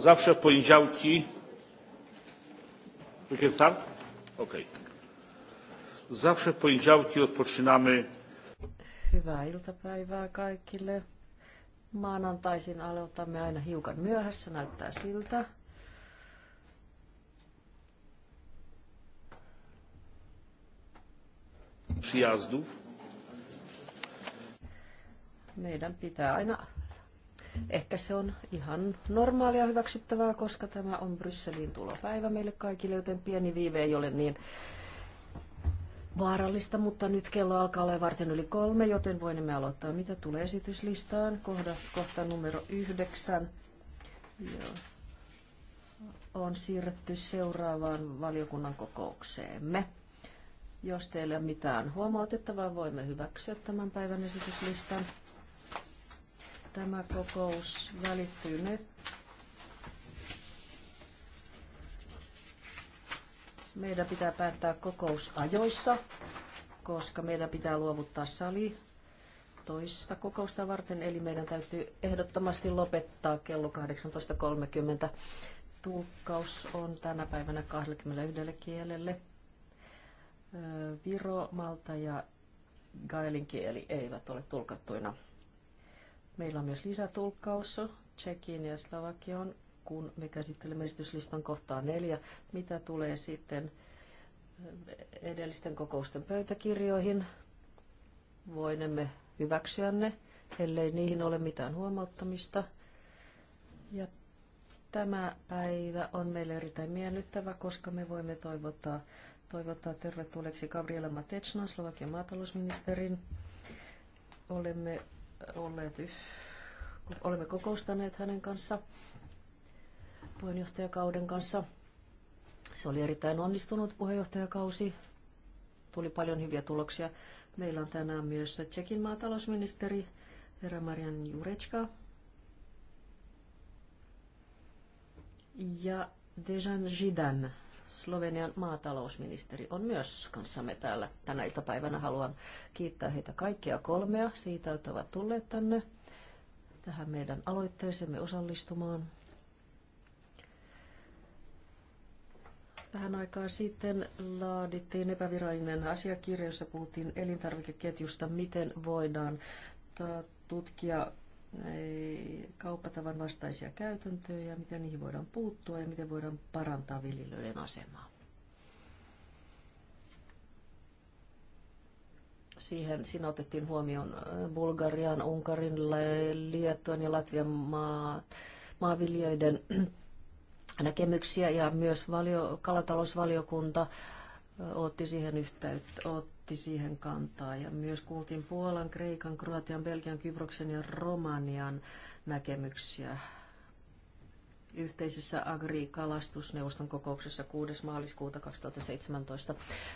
zawsze w poniedziałki zawsze w poniedziałki rozpoczynamy Hyvää iltapäivää kaikille. Maanantaisin aloitamme aina hiukan myöhässä, näyttää siltä. Przyjazdów. Meidän pitää aina Ehkä se on ihan normaalia hyväksyttävää, koska tämä on Brysselin tulopäivä meille kaikille, joten pieni viive ei ole niin vaarallista, mutta nyt kello alkaa olla varten yli kolme, joten voimme aloittaa. Mitä tulee esityslistaan? Kohta, kohta numero yhdeksän. Joo. On siirretty seuraavaan valiokunnan kokoukseemme. Jos teillä on mitään huomautettavaa, voimme hyväksyä tämän päivän esityslistan. Tämä kokous välittyy net- Meidän pitää päättää kokous ajoissa, koska meidän pitää luovuttaa sali toista kokousta varten, eli meidän täytyy ehdottomasti lopettaa kello 18.30. Tulkkaus on tänä päivänä 21 kielelle. Viro, Malta ja Gaelin kieli eivät ole tulkattuina. Meillä on myös lisätulkkaus Tsekiin ja Slovakion, kun me käsittelemme esityslistan kohtaa neljä. Mitä tulee sitten edellisten kokousten pöytäkirjoihin? Voinemme hyväksyä ne, ellei niihin ole mitään huomauttamista. Ja tämä päivä on meille erittäin miellyttävä, koska me voimme toivottaa, toivottaa tervetulleeksi Gabriela Matechnan, Slovakian maatalousministerin. Olemme olleet, olemme kokoustaneet hänen kanssa, puheenjohtajakauden kanssa. Se oli erittäin onnistunut puheenjohtajakausi. Tuli paljon hyviä tuloksia. Meillä on tänään myös Tsekin maatalousministeri herra Marian Jurecka. Ja Dejan Zidane, Slovenian maatalousministeri on myös kanssamme täällä tänä iltapäivänä. Haluan kiittää heitä kaikkia kolmea siitä, että ovat tulleet tänne tähän meidän aloitteeseemme osallistumaan. Vähän aikaa sitten laadittiin epävirallinen asiakirja, jossa puhuttiin elintarvikeketjusta, miten voidaan tutkia kauppatavan vastaisia käytäntöjä ja miten niihin voidaan puuttua ja miten voidaan parantaa viljelijöiden asemaa. Siihen siinä otettiin huomioon äh, Bulgarian, Unkarin, Liettuan ja Latvian maa, maanviljelijöiden näkemyksiä ja myös valio, kalatalousvaliokunta otti siihen yhteyttä, otti siihen kantaa. Ja myös kuultiin Puolan, Kreikan, Kroatian, Belgian, Kyproksen ja Romanian näkemyksiä yhteisessä agrikalastusneuvoston kokouksessa 6. maaliskuuta 2017.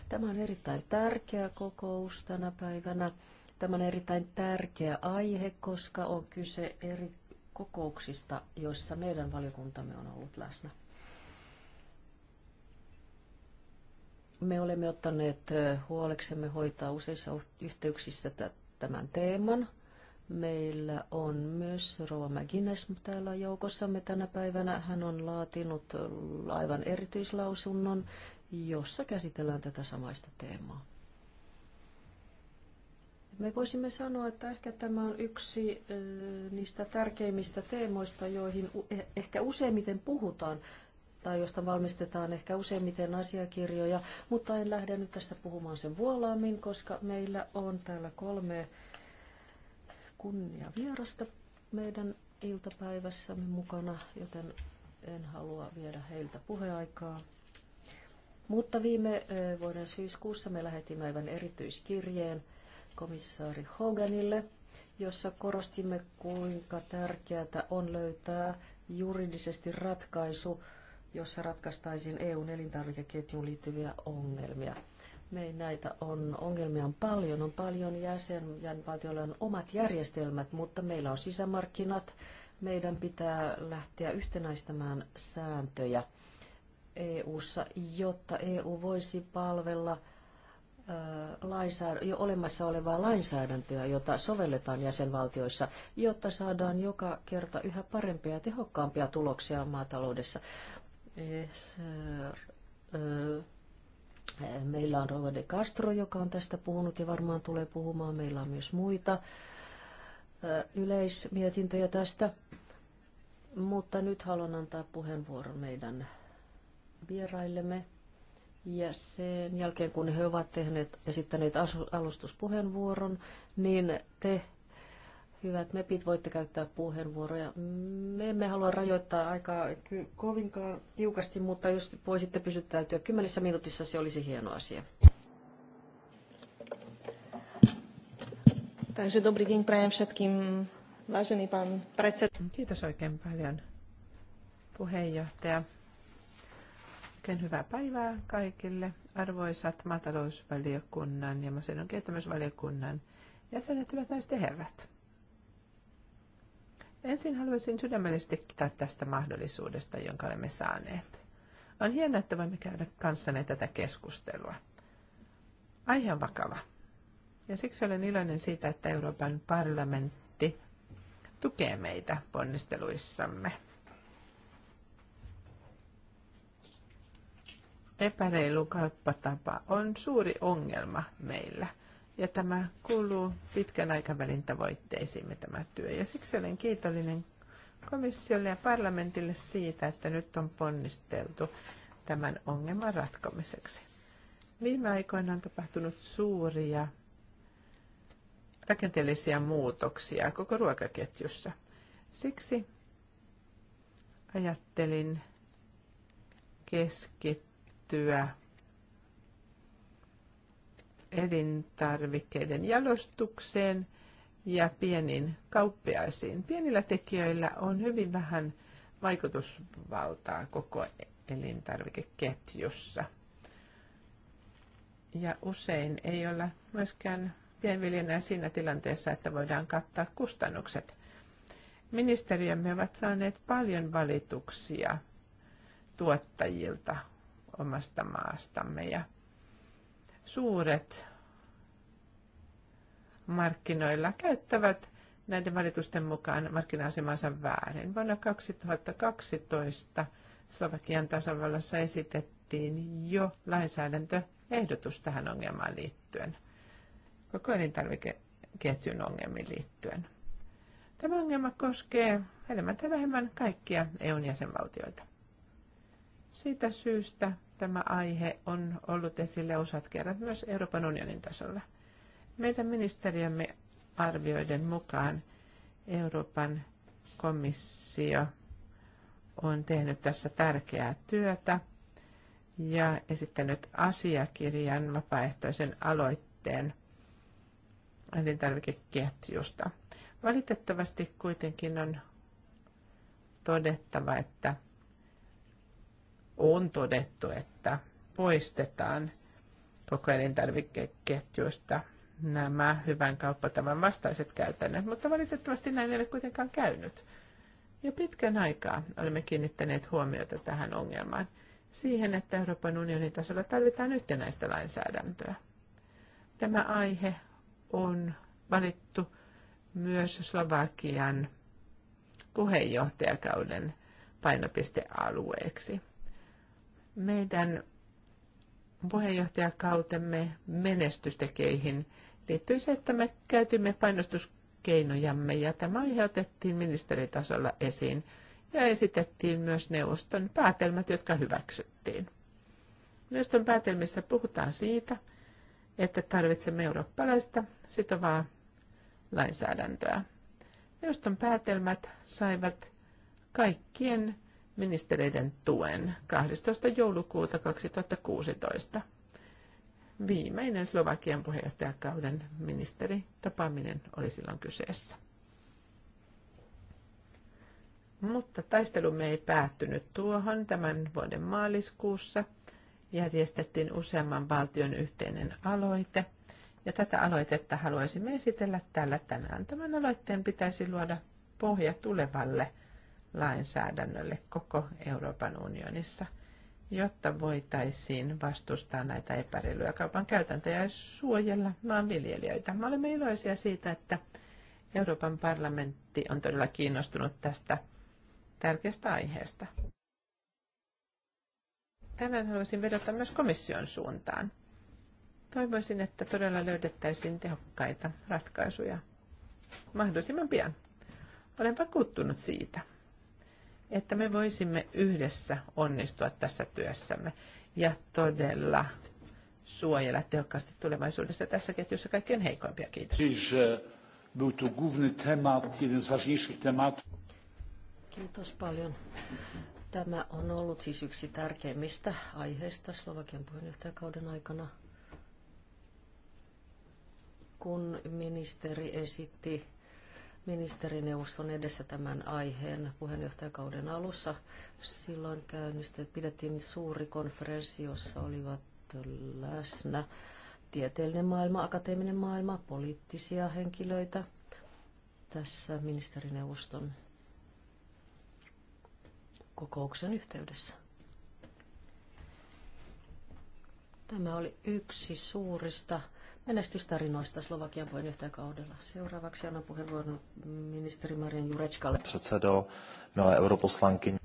Tämä on erittäin tärkeä kokous tänä päivänä. Tämä on erittäin tärkeä aihe, koska on kyse eri kokouksista, joissa meidän valiokuntamme on ollut läsnä. Me olemme ottaneet huoleksemme hoitaa useissa yhteyksissä tämän teeman. Meillä on myös Rova McGuinness täällä joukossamme tänä päivänä. Hän on laatinut aivan erityislausunnon, jossa käsitellään tätä samaista teemaa. Me voisimme sanoa, että ehkä tämä on yksi niistä tärkeimmistä teemoista, joihin e-, ehkä useimmiten puhutaan tai josta valmistetaan ehkä useimmiten asiakirjoja, mutta en lähde nyt tästä puhumaan sen vuolaammin, koska meillä on täällä kolme kunnia vierasta meidän iltapäivässämme mukana, joten en halua viedä heiltä puheaikaa. Mutta viime vuoden syyskuussa me lähetimme aivan erityiskirjeen komissaari Hoganille, jossa korostimme, kuinka tärkeää on löytää juridisesti ratkaisu jossa ratkaistaisiin EUn elintarvikeketjuun liittyviä ongelmia. Me näitä on, ongelmia on paljon, on paljon jäsenvaltioilla on omat järjestelmät, mutta meillä on sisämarkkinat. Meidän pitää lähteä yhtenäistämään sääntöjä EUssa, jotta EU voisi palvella jo olemassa olevaa lainsäädäntöä, jota sovelletaan jäsenvaltioissa, jotta saadaan joka kerta yhä parempia ja tehokkaampia tuloksia maataloudessa. Meillä on Rova de Castro, joka on tästä puhunut ja varmaan tulee puhumaan. Meillä on myös muita yleismietintöjä tästä. Mutta nyt haluan antaa puheenvuoron meidän vieraillemme. Ja sen jälkeen, kun he ovat tehneet, esittäneet alustuspuheenvuoron, niin te Hyvät mepit, voitte käyttää puheenvuoroja. Me emme halua rajoittaa aikaa kovinkaan tiukasti, mutta jos voisitte pysyttäytyä kymmenessä minuutissa, se olisi hieno asia. Takže dobrý deň prajem všetkým, vážený pán predsed. Kiitos oikein paljon, puheenjohtaja. Oikein hyvää päivää kaikille, arvoisat maatalousvaliokunnan ja masennon kehittämisvaliokunnan jäsenet, hyvät naiset ja herrat. Ensin haluaisin sydämellisesti kiittää tästä mahdollisuudesta, jonka olemme saaneet. On hienoa, että voimme käydä kanssanne tätä keskustelua. Aihe on vakava. Ja siksi olen iloinen siitä, että Euroopan parlamentti tukee meitä ponnisteluissamme. Epäreilu kauppatapa on suuri ongelma meillä – ja tämä kuuluu pitkän aikavälin tavoitteisiimme tämä työ. Ja siksi olen kiitollinen komissiolle ja parlamentille siitä, että nyt on ponnisteltu tämän ongelman ratkomiseksi. Viime aikoina on tapahtunut suuria rakenteellisia muutoksia koko ruokaketjussa. Siksi ajattelin keskittyä elintarvikkeiden jalostukseen ja pieniin kauppiaisiin. Pienillä tekijöillä on hyvin vähän vaikutusvaltaa koko elintarvikeketjussa. Ja usein ei olla myöskään pienviljelijänä siinä tilanteessa, että voidaan kattaa kustannukset. Ministeriömme ovat saaneet paljon valituksia tuottajilta omasta maastamme ja suuret markkinoilla käyttävät näiden valitusten mukaan markkina-asemansa väärin. Vuonna 2012 Slovakian tasavallassa esitettiin jo lainsäädäntöehdotus tähän ongelmaan liittyen, koko elintarvikeketjun ongelmiin liittyen. Tämä ongelma koskee enemmän tai vähemmän kaikkia EUn jäsenvaltioita. Siitä syystä tämä aihe on ollut esillä useat kerrat myös Euroopan unionin tasolla. Meidän ministeriömme arvioiden mukaan Euroopan komissio on tehnyt tässä tärkeää työtä ja esittänyt asiakirjan vapaaehtoisen aloitteen elintarvikeketjusta. Valitettavasti kuitenkin on todettava, että on todettu, että poistetaan koko elintarvikeketjuista nämä hyvän kauppatavan vastaiset käytännöt, mutta valitettavasti näin ei ole kuitenkaan käynyt. Jo pitkän aikaa olemme kiinnittäneet huomiota tähän ongelmaan, siihen, että Euroopan unionin tasolla tarvitaan yhtenäistä lainsäädäntöä. Tämä aihe on valittu myös Slovakian puheenjohtajakauden painopistealueeksi meidän puheenjohtajakautemme menestystekeihin liittyy se, että me käytimme painostuskeinojamme ja tämä aiheutettiin ministeritasolla esiin ja esitettiin myös neuvoston päätelmät, jotka hyväksyttiin. Neuvoston päätelmissä puhutaan siitä, että tarvitsemme eurooppalaista sitovaa lainsäädäntöä. Neuvoston päätelmät saivat kaikkien ministereiden tuen 12. joulukuuta 2016. Viimeinen Slovakian puheenjohtajakauden ministeri tapaaminen oli silloin kyseessä. Mutta taistelumme ei päättynyt tuohon. Tämän vuoden maaliskuussa järjestettiin useamman valtion yhteinen aloite. Ja tätä aloitetta haluaisimme esitellä täällä tänään. Tämän aloitteen pitäisi luoda pohja tulevalle – lainsäädännölle koko Euroopan unionissa, jotta voitaisiin vastustaa näitä epäreiluja kaupan käytäntöjä ja suojella maanviljelijöitä. Me olemme iloisia siitä, että Euroopan parlamentti on todella kiinnostunut tästä tärkeästä aiheesta. Tänään haluaisin vedota myös komission suuntaan. Toivoisin, että todella löydettäisiin tehokkaita ratkaisuja mahdollisimman pian. Olen vakuuttunut siitä että me voisimme yhdessä onnistua tässä työssämme ja todella suojella tehokkaasti tulevaisuudessa tässä ketjussa kaikkein heikoimpia. Kiitos. Siis, e, Kiitos paljon. Tämä on ollut siis yksi tärkeimmistä aiheista Slovakian puheenjohtajakauden aikana. Kun ministeri esitti ministerineuvoston edessä tämän aiheen puheenjohtajakauden alussa. Silloin käynnistet, pidettiin suuri konferenssi, jossa olivat läsnä tieteellinen maailma, akateeminen maailma, poliittisia henkilöitä tässä ministerineuvoston kokouksen yhteydessä. Tämä oli yksi suurista menestystarinoista Slovakian puheenjohtajakaudella. Seuraavaksi annan puheenvuoron ministeri Marian Jureckalle. Předsedo, milé europoslankin.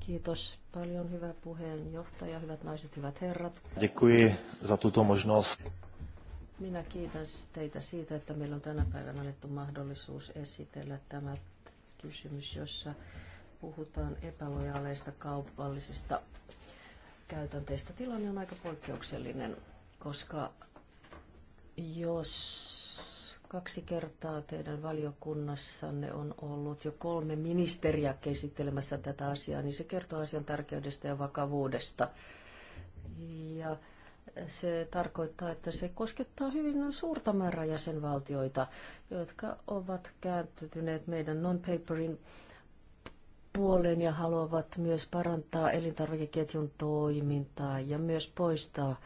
Kiitos paljon, hyvä puheenjohtaja, hyvät naiset, hyvät herrat. Děkuji za tuto možnost. Minä kiitän teitä siitä, että meillä on tänä päivänä annettu mahdollisuus esitellä tämä kysymys, jossa puhutaan epälojaaleista kaupallisista käytänteistä. Tilanne on aika poikkeuksellinen, koska jos kaksi kertaa teidän valiokunnassanne on ollut jo kolme ministeriä käsittelemässä tätä asiaa, niin se kertoo asian tärkeydestä ja vakavuudesta. Ja se tarkoittaa, että se koskettaa hyvin suurta määrää jäsenvaltioita, jotka ovat kääntyneet meidän non-paperin puoleen ja haluavat myös parantaa elintarvikeketjun toimintaa ja myös poistaa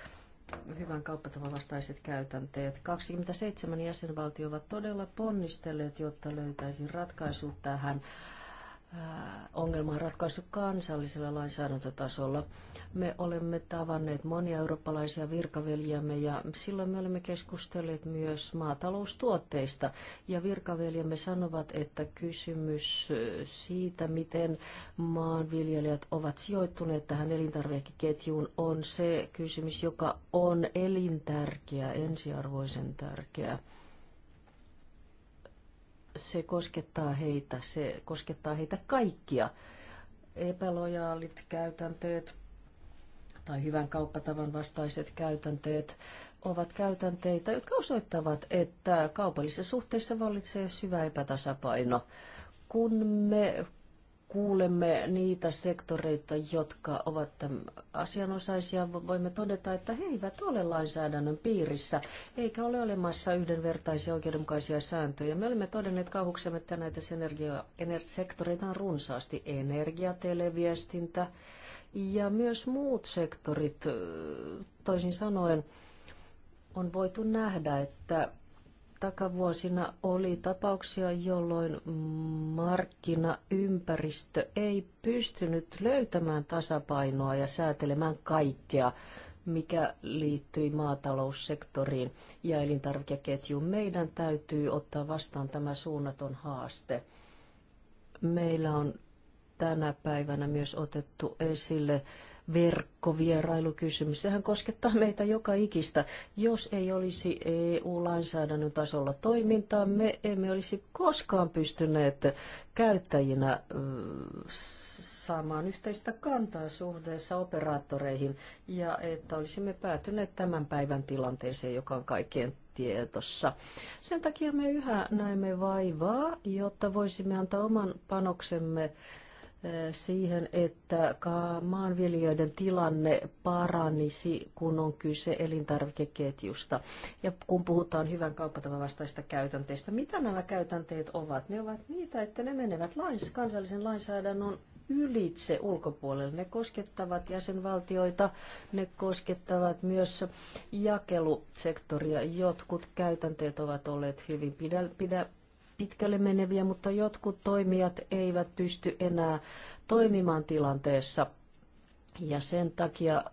hyvän kauppatavan vastaiset käytänteet. 27 jäsenvaltio ovat todella ponnistelleet, jotta löytäisi ratkaisu tähän ongelman ratkaisu kansallisella lainsäädäntötasolla. Me olemme tavanneet monia eurooppalaisia virkaveljämme ja silloin me olemme keskustelleet myös maataloustuotteista. Ja virkaveljämme sanovat, että kysymys siitä, miten maanviljelijät ovat sijoittuneet tähän elintarvikeketjuun, on se kysymys, joka on elintärkeä, ensiarvoisen tärkeä se koskettaa heitä, se koskettaa heitä kaikkia. Epälojaalit käytänteet tai hyvän kauppatavan vastaiset käytänteet ovat käytänteitä, jotka osoittavat, että kaupallisissa suhteissa vallitsee syvä epätasapaino. Kun me kuulemme niitä sektoreita, jotka ovat asianosaisia, voimme todeta, että he eivät ole lainsäädännön piirissä, eikä ole olemassa yhdenvertaisia oikeudenmukaisia sääntöjä. Me olemme todenneet kauhuksemme, että näitä sektoreita on runsaasti. Energia, televiestintä ja myös muut sektorit, toisin sanoen, on voitu nähdä, että takavuosina oli tapauksia, jolloin markkinaympäristö ei pystynyt löytämään tasapainoa ja säätelemään kaikkea, mikä liittyi maataloussektoriin ja elintarvikeketjuun. Meidän täytyy ottaa vastaan tämä suunnaton haaste. Meillä on tänä päivänä myös otettu esille verkkovierailukysymys. Sehän koskettaa meitä joka ikistä. Jos ei olisi EU-lainsäädännön tasolla toimintaa, me emme olisi koskaan pystyneet käyttäjinä saamaan yhteistä kantaa suhteessa operaattoreihin ja että olisimme päätyneet tämän päivän tilanteeseen, joka on kaikkien tietossa. Sen takia me yhä näemme vaivaa, jotta voisimme antaa oman panoksemme siihen, että maanviljelijöiden tilanne paranisi, kun on kyse elintarvikeketjusta. Ja kun puhutaan hyvän kauppatavan vastaista käytänteistä, mitä nämä käytänteet ovat? Ne ovat niitä, että ne menevät lains, kansallisen lainsäädännön ylitse ulkopuolelle. Ne koskettavat jäsenvaltioita, ne koskettavat myös jakelusektoria. Jotkut käytänteet ovat olleet hyvin pidä, pidä, pitkälle meneviä, mutta jotkut toimijat eivät pysty enää toimimaan tilanteessa. Ja sen takia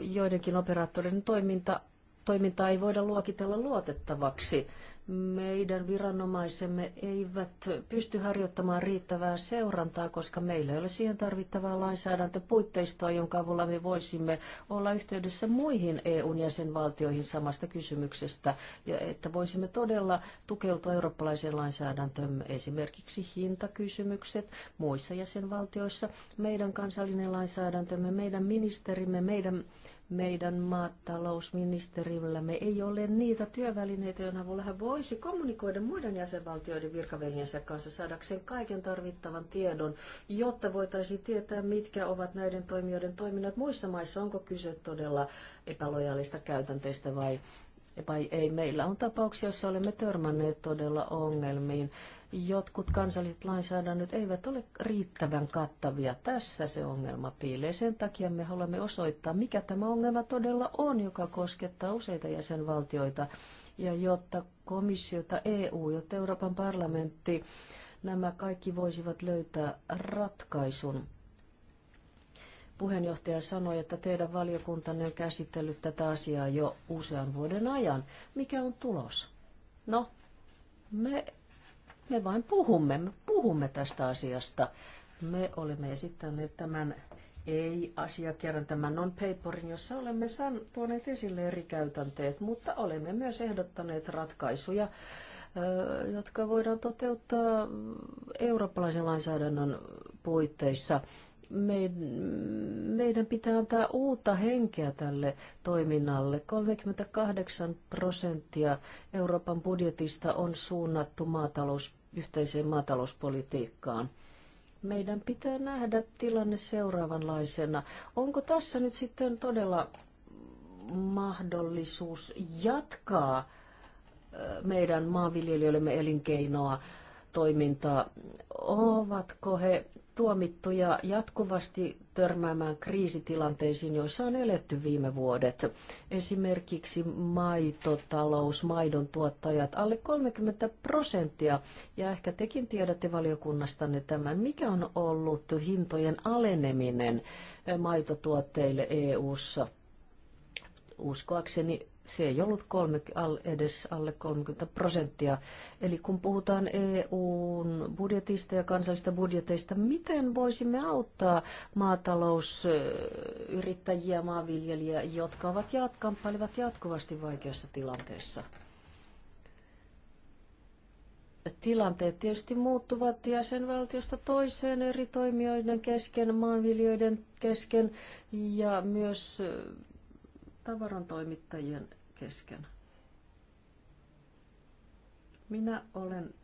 joidenkin operaattorien toiminta, toiminta ei voida luokitella luotettavaksi meidän viranomaisemme eivät pysty harjoittamaan riittävää seurantaa, koska meillä ei ole siihen tarvittavaa lainsäädäntöpuitteistoa, jonka avulla me voisimme olla yhteydessä muihin EUn jäsenvaltioihin samasta kysymyksestä, ja että voisimme todella tukeutua eurooppalaiseen lainsäädäntöön, esimerkiksi hintakysymykset muissa jäsenvaltioissa, meidän kansallinen lainsäädäntömme, meidän ministerimme, meidän meidän maatalousministerillämme ei ole niitä työvälineitä, joiden avulla hän voisi kommunikoida muiden jäsenvaltioiden virkaveljensä kanssa saadakseen kaiken tarvittavan tiedon, jotta voitaisiin tietää, mitkä ovat näiden toimijoiden toiminnat muissa maissa. Onko kyse todella epälojaalista käytänteistä vai vai ei. Meillä on tapauksia, joissa olemme törmänneet todella ongelmiin jotkut kansalliset lainsäädännöt eivät ole riittävän kattavia. Tässä se ongelma piilee. Sen takia me haluamme osoittaa, mikä tämä ongelma todella on, joka koskettaa useita jäsenvaltioita. Ja jotta komissiota, EU, jotta Euroopan parlamentti, nämä kaikki voisivat löytää ratkaisun. Puheenjohtaja sanoi, että teidän valiokuntanne on käsitellyt tätä asiaa jo usean vuoden ajan. Mikä on tulos? No, me me vain puhumme, me puhumme tästä asiasta. Me olemme esittäneet tämän ei-asiakirjan, tämän non-paperin, jossa olemme tuoneet esille eri käytänteet, mutta olemme myös ehdottaneet ratkaisuja, jotka voidaan toteuttaa eurooppalaisen lainsäädännön puitteissa meidän pitää antaa uutta henkeä tälle toiminnalle. 38 prosenttia Euroopan budjetista on suunnattu maatalous, yhteiseen maatalouspolitiikkaan. Meidän pitää nähdä tilanne seuraavanlaisena. Onko tässä nyt sitten todella mahdollisuus jatkaa meidän maanviljelijöillemme elinkeinoa, toimintaa? Ovatko he tuomittuja jatkuvasti törmäämään kriisitilanteisiin, joissa on eletty viime vuodet. Esimerkiksi maitotalous, maidon tuottajat, alle 30 prosenttia. Ja ehkä tekin tiedätte valiokunnastanne tämän, mikä on ollut hintojen aleneminen maitotuotteille EU-ssa. Uskoakseni se ei ollut kolme, al, edes alle 30 prosenttia. Eli kun puhutaan EUn budjetista ja kansallisista budjeteista, miten voisimme auttaa maatalousyrittäjiä, maanviljelijä, jotka ovat jatkampailevat jatkuvasti vaikeassa tilanteessa? Tilanteet tietysti muuttuvat jäsenvaltiosta toiseen eri toimijoiden kesken, maanviljoiden kesken ja myös tavarantoimittajien kesken. Minä olen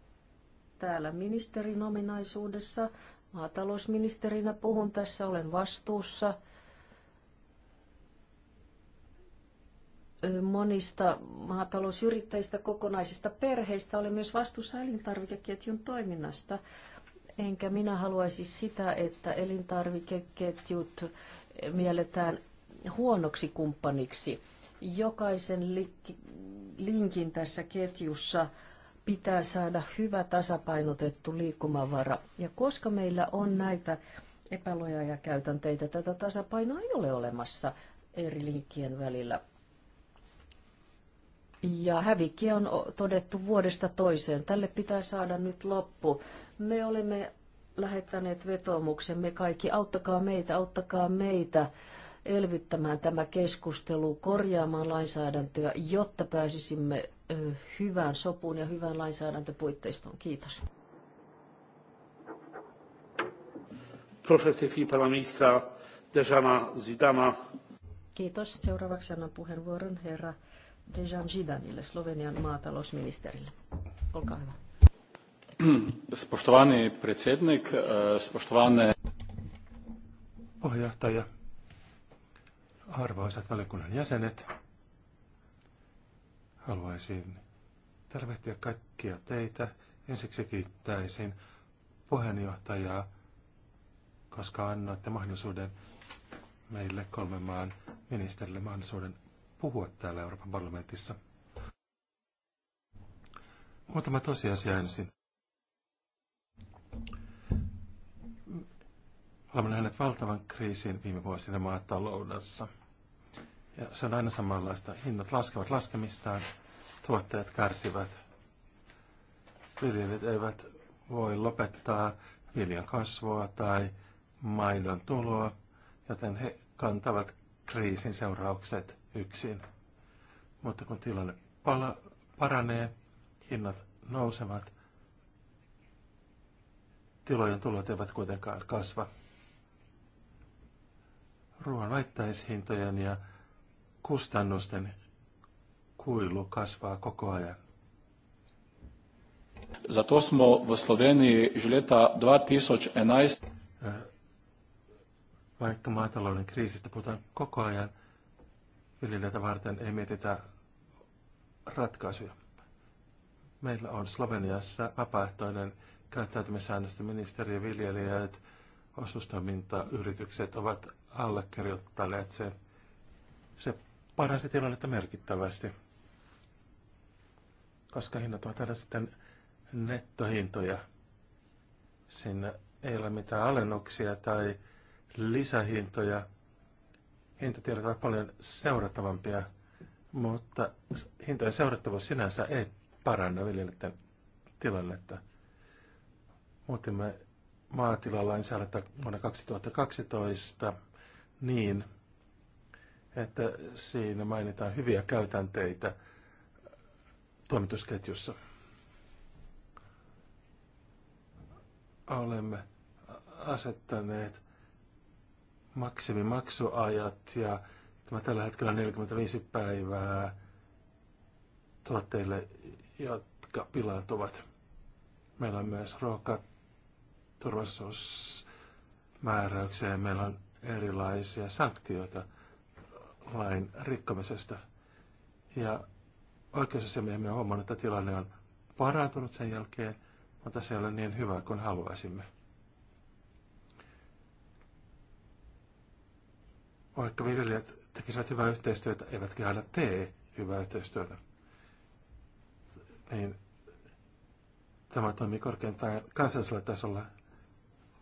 täällä ministerin ominaisuudessa. Maatalousministerinä puhun tässä, olen vastuussa monista maatalousyrittäjistä, kokonaisista perheistä. Olen myös vastuussa elintarvikeketjun toiminnasta. Enkä minä haluaisi sitä, että elintarvikeketjut mielletään huonoksi kumppaniksi. Jokaisen linkin tässä ketjussa pitää saada hyvä tasapainotettu liikkumavara. Ja koska meillä on näitä epäloja ja käytänteitä, tätä tasapainoa ei ole olemassa eri linkkien välillä. Ja hävikki on todettu vuodesta toiseen. Tälle pitää saada nyt loppu. Me olemme lähettäneet vetoomuksen, me kaikki, auttakaa meitä, auttakaa meitä elvyttämään tämä keskustelu, korjaamaan lainsäädäntöä, jotta pääsisimme hyvään sopuun ja hyvään lainsäädäntöpuitteistoon. Kiitos. Kiitos. Seuraavaksi annan puheenvuoron herra Dejan Zidanille, Slovenian maatalousministerille. Olkaa hyvä. Spoštovani predsednik, e, spoštovane... Puheenjohtaja, Arvoisat valiokunnan jäsenet, haluaisin tervehtiä kaikkia teitä. Ensiksi kiittäisin puheenjohtajaa, koska annoitte mahdollisuuden meille kolmen maan ministerille mahdollisuuden puhua täällä Euroopan parlamentissa. Muutama tosiasia ensin. Olemme nähneet valtavan kriisin viime vuosina maataloudessa – ja se on aina samanlaista. Hinnat laskevat laskemistaan, tuottajat kärsivät. Viljelijät eivät voi lopettaa viljan kasvua tai maidon tuloa, joten he kantavat kriisin seuraukset yksin. Mutta kun tilanne pala- paranee, hinnat nousevat, tilojen tulot eivät kuitenkaan kasva. Ruoan väittäishintojen ja kustannusten kuilu kasvaa koko ajan. Zato smo v Sloveniji že leta 2011... Vaikka maatalouden kriisistä puhutaan koko ajan, viljelijöitä varten ei mietitä ratkaisuja. Meillä on Sloveniassa vapaaehtoinen käyttäytymissäännöstä ministeriö, viljelijät, osuustoimintayritykset ovat allekirjoittaneet sen. Se paransi tilannetta merkittävästi, koska hinnat ovat aina sitten nettohintoja. Siinä ei ole mitään alennuksia tai lisähintoja. Hintatiedot ovat paljon seurattavampia, mutta hintojen seurattavuus sinänsä ei paranna viljelijöiden tilannetta. Muutimme maatilalainsäädäntöä vuonna 2012 niin, että siinä mainitaan hyviä käytänteitä toimitusketjussa. Olemme asettaneet maksimimaksuajat ja tämä tällä hetkellä 45 päivää tuotteille, jotka pilaantuvat. Meillä on myös ruokaturvallisuusmääräyksiä ja meillä on erilaisia sanktioita – lain rikkomisesta. Ja oikeusasiamiehemme on huomannut, että tilanne on parantunut sen jälkeen, mutta se ei ole niin hyvä kuin haluaisimme. Vaikka viljelijät tekisivät hyvää yhteistyötä, eivätkä aina tee hyvää yhteistyötä, niin tämä toimii korkeintaan kansallisella tasolla,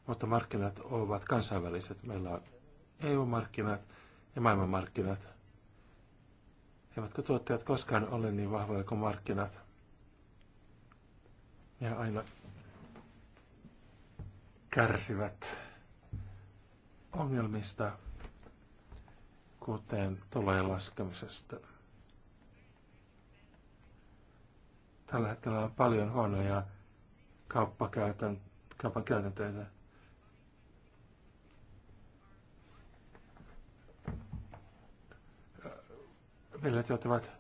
mutta markkinat ovat kansainväliset. Meillä on EU-markkinat, ja maailmanmarkkinat. Eivätkö tuottajat koskaan ole niin vahvoja kuin markkinat? Ja aina kärsivät ongelmista, kuten tulojen laskemisesta. Tällä hetkellä on paljon huonoja kauppakäytäntöjä kaupan Veljet joutuvat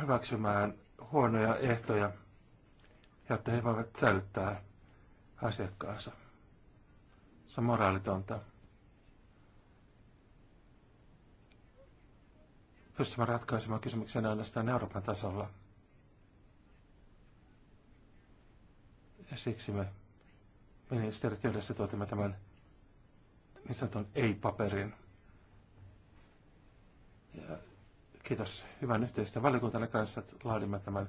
hyväksymään huonoja ehtoja, jotta he voivat säilyttää asiakkaansa. Se on moraalitonta. Pystymme ratkaisemaan kysymyksen ainoastaan Euroopan tasolla. Ja siksi me ministerit yhdessä tuotimme tämän niin sanotun ei-paperin. Ja kiitos hyvän yhteistyön valiokuntalle kanssa. että Laadimme tämän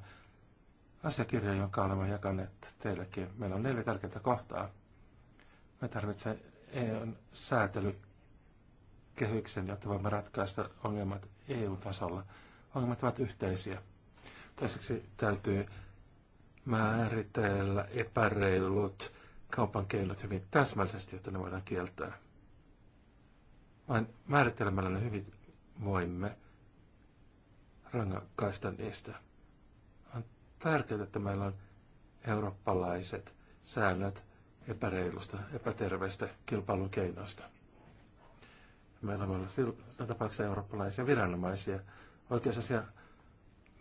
asiakirjan, jonka olemme jakaneet teillekin. Meillä on neljä tärkeintä kohtaa. Me tarvitsemme EUn säätelykehyksen, jotta voimme ratkaista ongelmat EU-tasolla. Ongelmat ovat yhteisiä. Toiseksi täytyy määritellä epäreilut kaupan keinot hyvin täsmällisesti, jotta ne voidaan kieltää. Vain määrittelemällä ne hyvin voimme rangaista niistä. On tärkeää, että meillä on eurooppalaiset säännöt epäreilusta, epäterveistä kilpailun keinoista. Meillä voi olla sillä tapauksessa eurooppalaisia viranomaisia, oikeusasia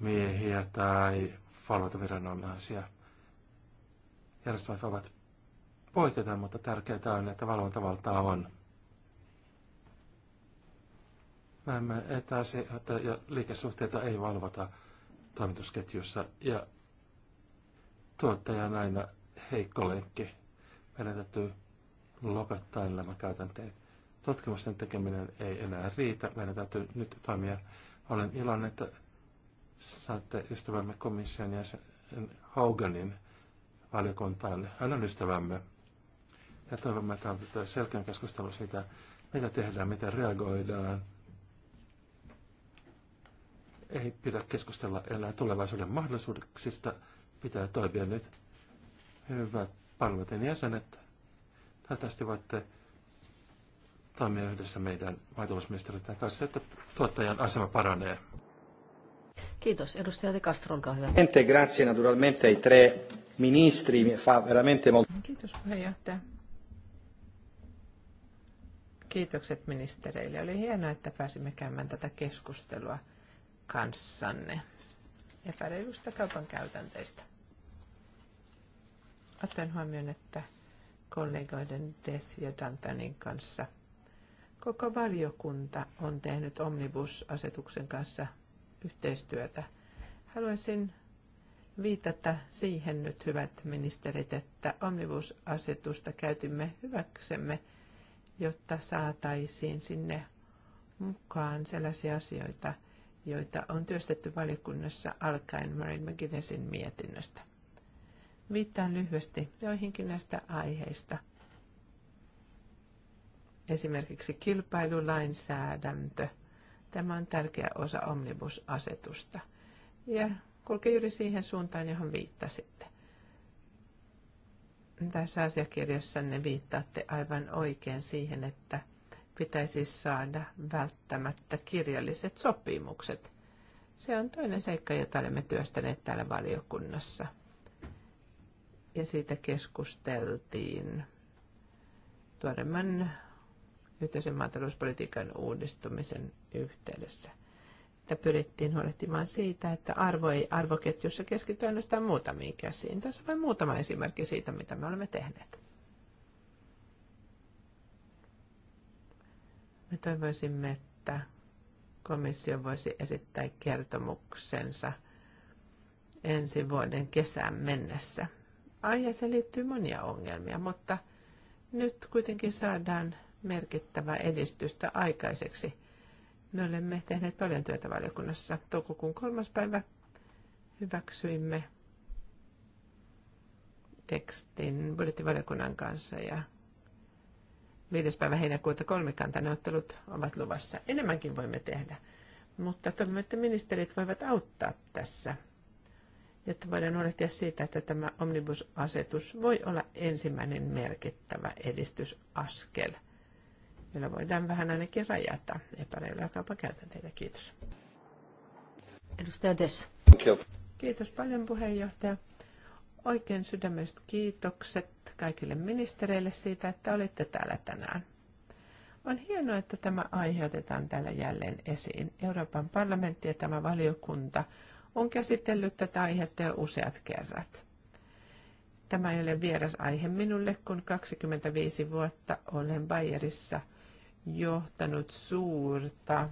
miehiä tai valvontaviranomaisia. Järjestelmät ovat poiketa, mutta tärkeää on, että valvontavaltaa on näemme, että että ja liikesuhteita ei valvota toimitusketjussa ja tuottaja on aina heikko lenkki. Meidän täytyy lopettaa nämä käytänteet. Tutkimusten tekeminen ei enää riitä. Meidän täytyy nyt toimia. Olen iloinen, että saatte ystävämme komission jäsen Hoganin valiokuntaan. Hän on ystävämme. Ja toivomme, että on tätä selkeän keskustelu siitä, mitä tehdään, miten reagoidaan, ei pidä keskustella enää tulevaisuuden mahdollisuuksista. Pitää toimia nyt. Hyvät palveluiden jäsenet, toivottavasti voitte toimia yhdessä meidän maatalousministeriön kanssa, että tuottajan asema paranee. Kiitos. Edustaja De Castro, olkaa hyvä. Grazie naturalmente ai tre ministri. Fa veramente molto... Kiitos puheenjohtaja. Kiitokset ministereille. Oli hienoa, että pääsimme käymään tätä keskustelua – kanssanne epäreilusta kaupan käytänteistä. Otan huomioon, että kollegoiden Des ja Dantanin kanssa koko valiokunta on tehnyt omnibus-asetuksen kanssa yhteistyötä. Haluaisin viitata siihen nyt, hyvät ministerit, että omnibus-asetusta käytimme hyväksemme, jotta saataisiin sinne mukaan sellaisia asioita, joita on työstetty valiokunnassa alkaen Marin McGinnessin mietinnöstä. Viittaan lyhyesti joihinkin näistä aiheista. Esimerkiksi kilpailulainsäädäntö. Tämä on tärkeä osa omnibusasetusta ja kulkee juuri siihen suuntaan, johon viittasitte. Tässä asiakirjassa ne viittaatte aivan oikein siihen, että – pitäisi saada välttämättä kirjalliset sopimukset. Se on toinen seikka, jota olemme työstäneet täällä valiokunnassa. Ja siitä keskusteltiin tuoremman yhteisen maatalouspolitiikan uudistumisen yhteydessä. Ja pyrittiin huolehtimaan siitä, että arvo ei arvoketjussa keskity ainoastaan muutamiin käsiin. Tässä on vain muutama esimerkki siitä, mitä me olemme tehneet. Me toivoisimme, että komissio voisi esittää kertomuksensa ensi vuoden kesään mennessä. Aiheeseen liittyy monia ongelmia, mutta nyt kuitenkin saadaan merkittävää edistystä aikaiseksi. Me olemme tehneet paljon työtä valiokunnassa. Toukokuun kolmas päivä hyväksyimme tekstin budjettivaliokunnan kanssa ja 5. päivä heinäkuuta kolmikantaneuvottelut ovat luvassa. Enemmänkin voimme tehdä, mutta toivomme, että ministerit voivat auttaa tässä, jotta voidaan huolehtia siitä, että tämä omnibusasetus voi olla ensimmäinen merkittävä edistysaskel, jolla voidaan vähän ainakin rajata epäreilyä kaupankäytänteitä. Kiitos. Edustaja Kiitos paljon puheenjohtaja. Oikein sydämelliset kiitokset kaikille ministereille siitä, että olitte täällä tänään. On hienoa, että tämä aihe otetaan täällä jälleen esiin. Euroopan parlamentti ja tämä valiokunta on käsitellyt tätä aihetta jo useat kerrat. Tämä ei ole vieras aihe minulle, kun 25 vuotta olen Bayerissa johtanut suurta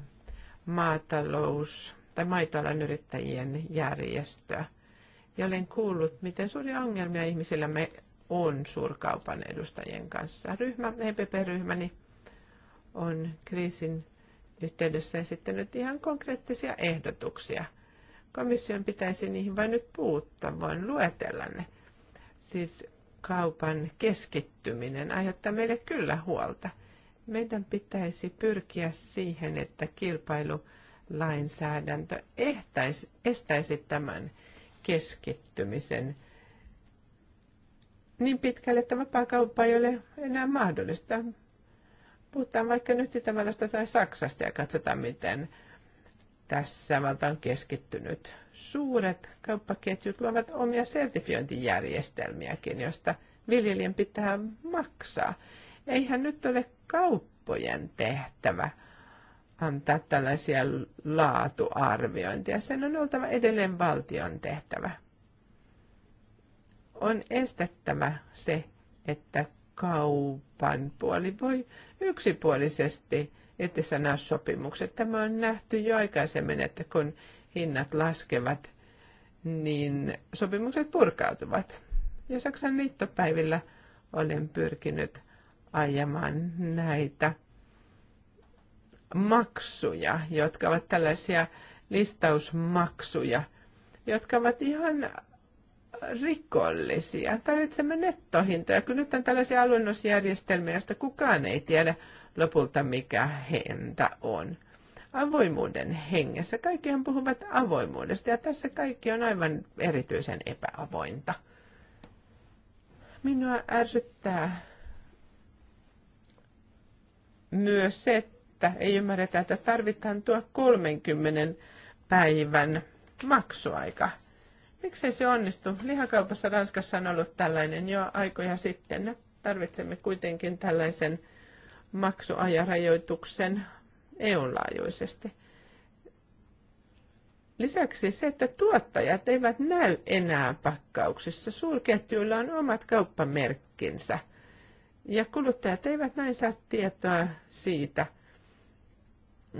maatalous- tai maitoalan yrittäjien järjestöä – ja olen kuullut, miten suuria ongelmia me on suurkaupan edustajien kanssa. Ryhmä, EPP-ryhmäni, on kriisin yhteydessä esittänyt ihan konkreettisia ehdotuksia. Komission pitäisi niihin vain nyt puuttua, voin luetella ne. Siis kaupan keskittyminen aiheuttaa meille kyllä huolta. Meidän pitäisi pyrkiä siihen, että kilpailulainsäädäntö ehtäisi, estäisi tämän keskittymisen niin pitkälle, että vapaakauppa ei ole enää mahdollista. Puhutaan vaikka nyt Itävallasta tai Saksasta ja katsotaan, miten tässä valta on keskittynyt. Suuret kauppaketjut luovat omia sertifiointijärjestelmiäkin, josta viljelijän pitää maksaa. Eihän nyt ole kauppojen tehtävä – antaa tällaisia laatuarviointia. Sen on oltava edelleen valtion tehtävä. On estettävä se, että kaupan puoli voi yksipuolisesti irtisanoa sopimukset. Tämä on nähty jo aikaisemmin, että kun hinnat laskevat, niin sopimukset purkautuvat. Ja Saksan liittopäivillä olen pyrkinyt ajamaan näitä maksuja, jotka ovat tällaisia listausmaksuja, jotka ovat ihan rikollisia. Tarvitsemme nettohintoja, kun nyt on tällaisia aluennosjärjestelmiä, joista kukaan ei tiedä lopulta mikä hinta on. Avoimuuden hengessä. Kaikkihan puhuvat avoimuudesta ja tässä kaikki on aivan erityisen epäavointa. Minua ärsyttää myös se, että että ei ymmärretä, että tarvitaan tuo 30 päivän maksuaika. Miksei se onnistu? Lihakaupassa Ranskassa on ollut tällainen jo aikoja sitten. Tarvitsemme kuitenkin tällaisen maksuajarajoituksen eu laajuisesti. Lisäksi se, että tuottajat eivät näy enää pakkauksissa. Suurketjuilla on omat kauppamerkkinsä. Ja kuluttajat eivät näin saa tietoa siitä –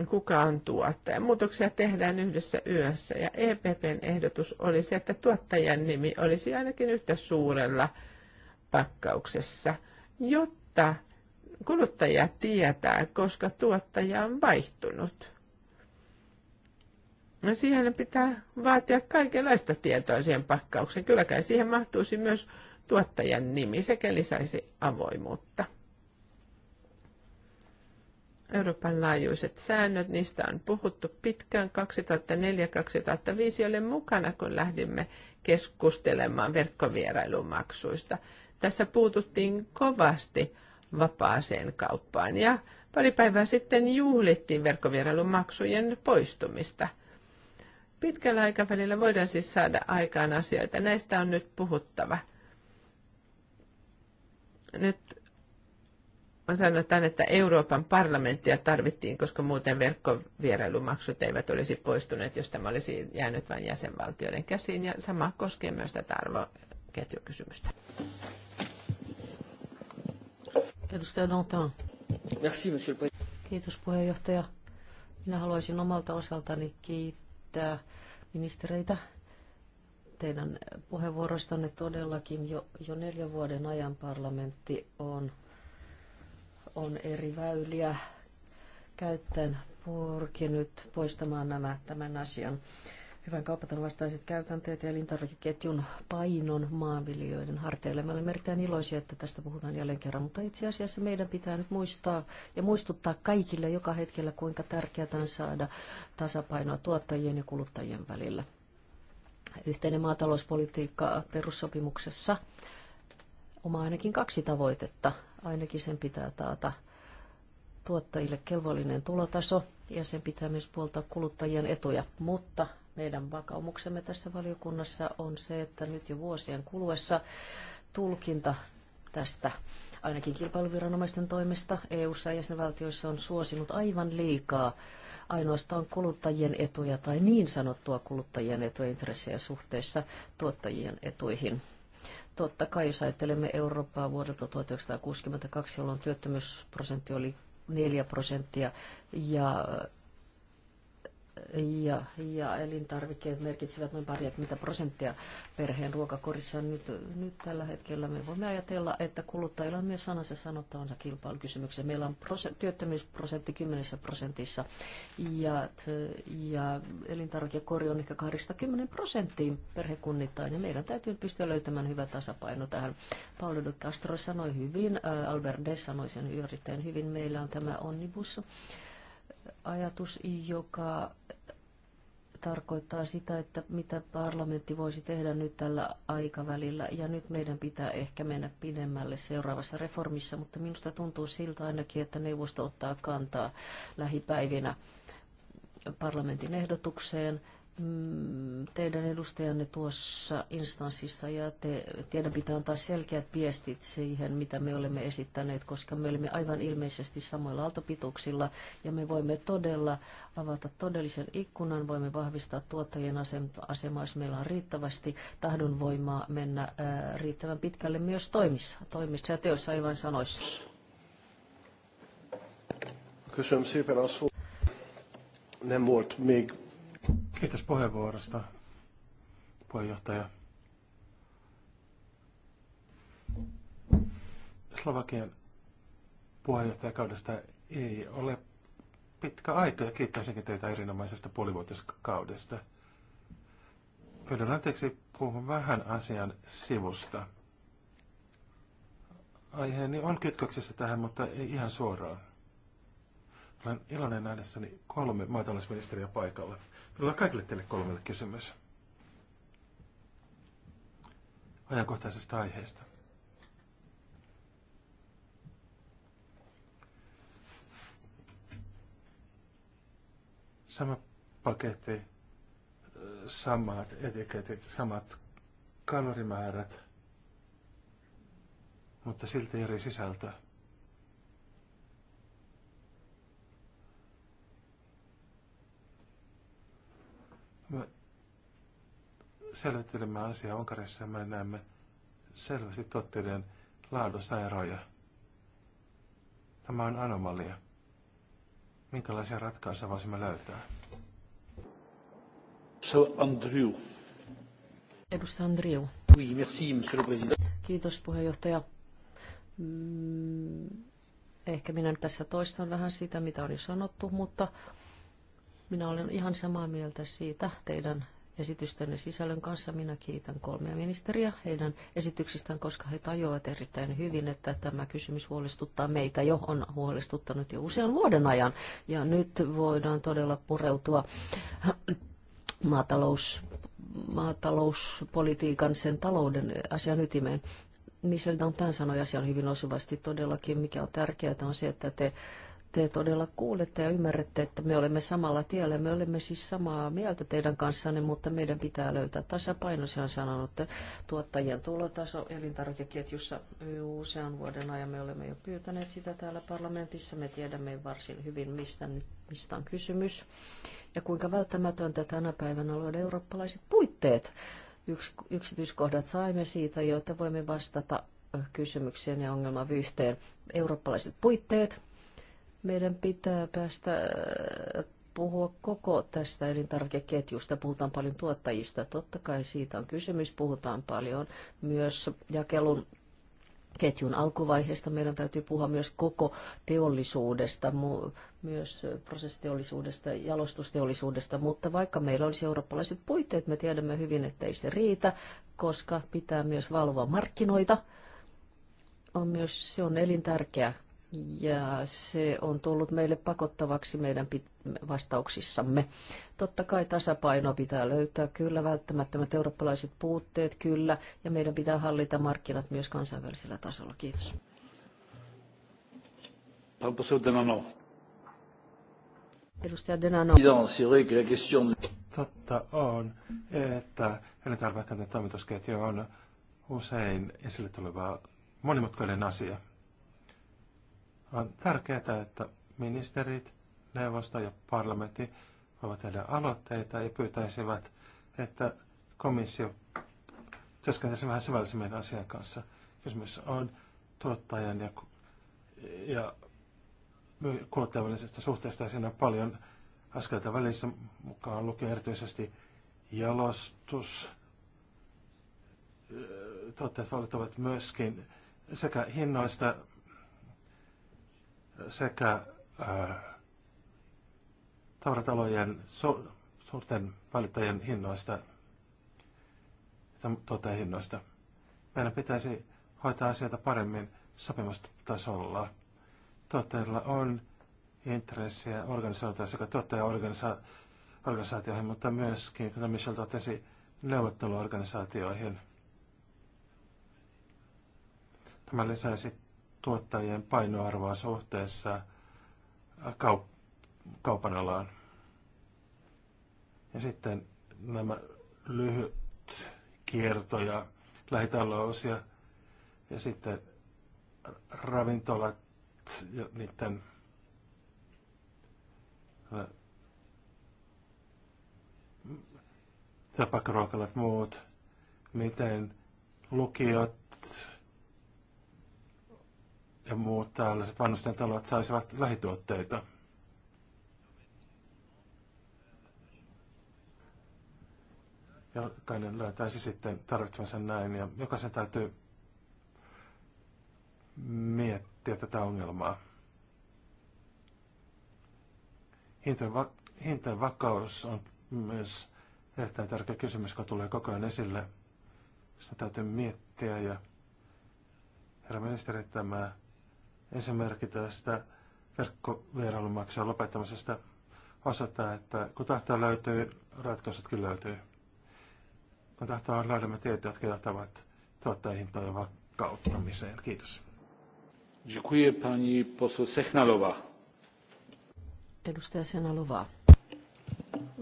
kuka on tuottaja. Muutoksia tehdään yhdessä yössä ja EPPn ehdotus olisi, että tuottajan nimi olisi ainakin yhtä suurella pakkauksessa, jotta kuluttaja tietää, koska tuottaja on vaihtunut. No siihen pitää vaatia kaikenlaista tietoa siihen pakkaukseen. Kyllä kai siihen mahtuisi myös tuottajan nimi sekä lisäisi avoimuutta. Euroopan laajuiset säännöt, niistä on puhuttu pitkään 2004-2005, olen mukana, kun lähdimme keskustelemaan verkkovierailumaksuista. Tässä puututtiin kovasti vapaaseen kauppaan ja pari päivää sitten juhlittiin verkkovierailumaksujen poistumista. Pitkällä aikavälillä voidaan siis saada aikaan asioita. Näistä on nyt puhuttava. Nyt sanotaan, että Euroopan parlamenttia tarvittiin, koska muuten verkkovierailumaksut eivät olisi poistuneet, jos tämä olisi jäänyt vain jäsenvaltioiden käsiin. Ja sama koskee myös tätä arvoketjukysymystä. Edustaja Dantin. Merci, monsieur le Kiitos puheenjohtaja. Minä haluaisin omalta osaltani kiittää ministereitä teidän puheenvuoroistanne todellakin jo, jo neljän vuoden ajan parlamentti on on eri väyliä käyttäen pyrkinyt poistamaan nämä, tämän asian hyvän kaupatan vastaiset käytänteet ja elintarvikeketjun painon maanviljelijöiden harteille. Me olemme erittäin iloisia, että tästä puhutaan jälleen kerran, mutta itse asiassa meidän pitää nyt muistaa ja muistuttaa kaikille joka hetkellä, kuinka tärkeää on saada tasapainoa tuottajien ja kuluttajien välillä. Yhteinen maatalouspolitiikka perussopimuksessa oma ainakin kaksi tavoitetta. Ainakin sen pitää taata tuottajille kelvollinen tulotaso ja sen pitää myös puoltaa kuluttajien etuja. Mutta meidän vakaumuksemme tässä valiokunnassa on se, että nyt jo vuosien kuluessa tulkinta tästä ainakin kilpailuviranomaisten toimesta EU-ssa ja jäsenvaltioissa on suosinut aivan liikaa ainoastaan kuluttajien etuja tai niin sanottua kuluttajien etuintressejä suhteessa tuottajien etuihin. Totta kai, jos ajattelemme Eurooppaa vuodelta 1962, jolloin työttömyysprosentti oli 4 prosenttia ja ja, ja elintarvikkeet merkitsevät noin mitä prosenttia perheen ruokakorissa. Nyt, nyt tällä hetkellä me voimme ajatella, että kuluttajilla on myös sanansa sanottavansa kilpailukysymyksiä. Meillä on prosent, työttömyysprosentti 10 prosentissa ja, ja elintarvikekori on ehkä 20 prosenttiin perhekunnittain. Ja meidän täytyy pystyä löytämään hyvä tasapaino tähän. Paolo de Castro sanoi hyvin, Albert De sanoi sen yrittäjän hyvin. Meillä on tämä onnibus ajatus, joka tarkoittaa sitä, että mitä parlamentti voisi tehdä nyt tällä aikavälillä. Ja nyt meidän pitää ehkä mennä pidemmälle seuraavassa reformissa, mutta minusta tuntuu siltä ainakin, että neuvosto ottaa kantaa lähipäivinä parlamentin ehdotukseen Mm, teidän edustajanne tuossa instanssissa ja te, teidän pitää antaa selkeät viestit siihen, mitä me olemme esittäneet, koska me olemme aivan ilmeisesti samoilla altopituksilla ja me voimme todella avata todellisen ikkunan, voimme vahvistaa tuottajien asemaa, jos meillä on riittävästi tahdonvoimaa mennä ää, riittävän pitkälle myös toimissa, toimissa ja teossa aivan sanoissa. Kysymys Nem volt még Kiitos puheenvuorosta, puheenjohtaja. Slovakian puheenjohtajakaudesta ei ole pitkä aika ja kiittäisinkin teitä erinomaisesta puolivuotiskaudesta. Pyydän anteeksi puhun vähän asian sivusta. Aiheeni on kytköksessä tähän, mutta ei ihan suoraan. Olen iloinen nähdessäni kolme maatalousministeriä paikalla. Minulla on kaikille teille kolmelle kysymys ajankohtaisesta aiheesta. Sama paketti, samat etiketit, samat kalorimäärät, mutta silti eri sisältöä. selvittelemme asiaa Unkarissa ja me näemme selvästi tuotteiden laadussa eroja. Tämä on anomalia. Minkälaisia ratkaisuja voisimme löytää? So Andrew. Edustaja Andriu. Oui, merci, monsieur le président. Kiitos puheenjohtaja. Mm, ehkä minä nyt tässä toistan vähän sitä, mitä oli sanottu, mutta minä olen ihan samaa mieltä siitä teidän esitystenne sisällön kanssa. Minä kiitän kolmea ministeriä heidän esityksistään, koska he tajuavat erittäin hyvin, että tämä kysymys huolestuttaa meitä jo, on huolestuttanut jo usean vuoden ajan. Ja nyt voidaan todella pureutua maatalous, maatalouspolitiikan sen talouden asian ytimeen. Michel Dantin sanoi asian hyvin osuvasti todellakin, mikä on tärkeää on se, että te te todella kuulette ja ymmärrätte, että me olemme samalla tiellä. Me olemme siis samaa mieltä teidän kanssanne, mutta meidän pitää löytää tasapaino. Se on sanonut, että tuottajien tulotaso elintarvikeketjussa usean vuoden ajan me olemme jo pyytäneet sitä täällä parlamentissa. Me tiedämme varsin hyvin, mistä, mistä on kysymys ja kuinka välttämätöntä tänä päivänä luoda eurooppalaiset puitteet. Yks, yksityiskohdat saimme siitä, joita voimme vastata kysymykseen ja ongelmavyyhteen. Eurooppalaiset puitteet, meidän pitää päästä äh, puhua koko tästä elintarvikeketjusta. Puhutaan paljon tuottajista, totta kai siitä on kysymys. Puhutaan paljon myös jakelun ketjun alkuvaiheesta. Meidän täytyy puhua myös koko teollisuudesta, myös prosessiteollisuudesta, jalostusteollisuudesta, mutta vaikka meillä olisi eurooppalaiset puitteet, me tiedämme hyvin, että ei se riitä, koska pitää myös valvoa markkinoita. On myös, se on elintärkeä ja se on tullut meille pakottavaksi meidän vastauksissamme. Totta kai tasapaino pitää löytää, kyllä, välttämättömät eurooppalaiset puutteet, kyllä, ja meidän pitää hallita markkinat myös kansainvälisellä tasolla. Kiitos. Edustaja Denano. Totta on, että elintarvikkeiden toimitusketju on usein esille tuleva monimutkainen asia on tärkeää, että ministerit, neuvosto ja parlamentti voivat tehdä aloitteita ja pyytäisivät, että komissio työskentelisi vähän syvällisemmin asian kanssa. Kysymys on tuottajan ja, ja kuluttajan välisestä suhteesta siinä on paljon askelta välissä mukaan lukee erityisesti jalostus. Tuotteet valittavat myöskin sekä hinnoista sekä ää, äh, tavaratalojen su, suurten välittäjien hinnoista tuotteen hinnoista. Meidän pitäisi hoitaa asioita paremmin sopimustasolla. Tuotteilla on intressiä organisoitua sekä tuottajaorganisaatioihin, mutta myöskin, kuten Michel totesi, neuvotteluorganisaatioihin. Tämä lisäisi tuottajien painoarvoa suhteessa kaup- kaupan alaan. Ja sitten nämä lyhyt kiertoja, lähitalous ja, ja sitten ravintolat ja niiden tapakaruokalat muut, miten lukiot ja muut tällaiset vanhusten talot saisivat lähituotteita. Jokainen löytäisi sitten tarvitsemansa näin ja jokaisen täytyy miettiä tätä ongelmaa. Hintojen, va- hintojen vakaus on myös erittäin tärkeä kysymys, joka tulee koko ajan esille. Sitä täytyy miettiä ja herra ministeri, tämä esimerkki tästä verkkovierailumaksujen lopettamisesta osoittaa, että kun tahtoa löytyy, ratkaisutkin löytyy. Kun tahtoa on, löydämme tietoja, jotka johtavat tuottajahintojen vakauttamiseen. Kiitos. Dziękuję pani poseł Sechnalowa. Edustaja Senalová.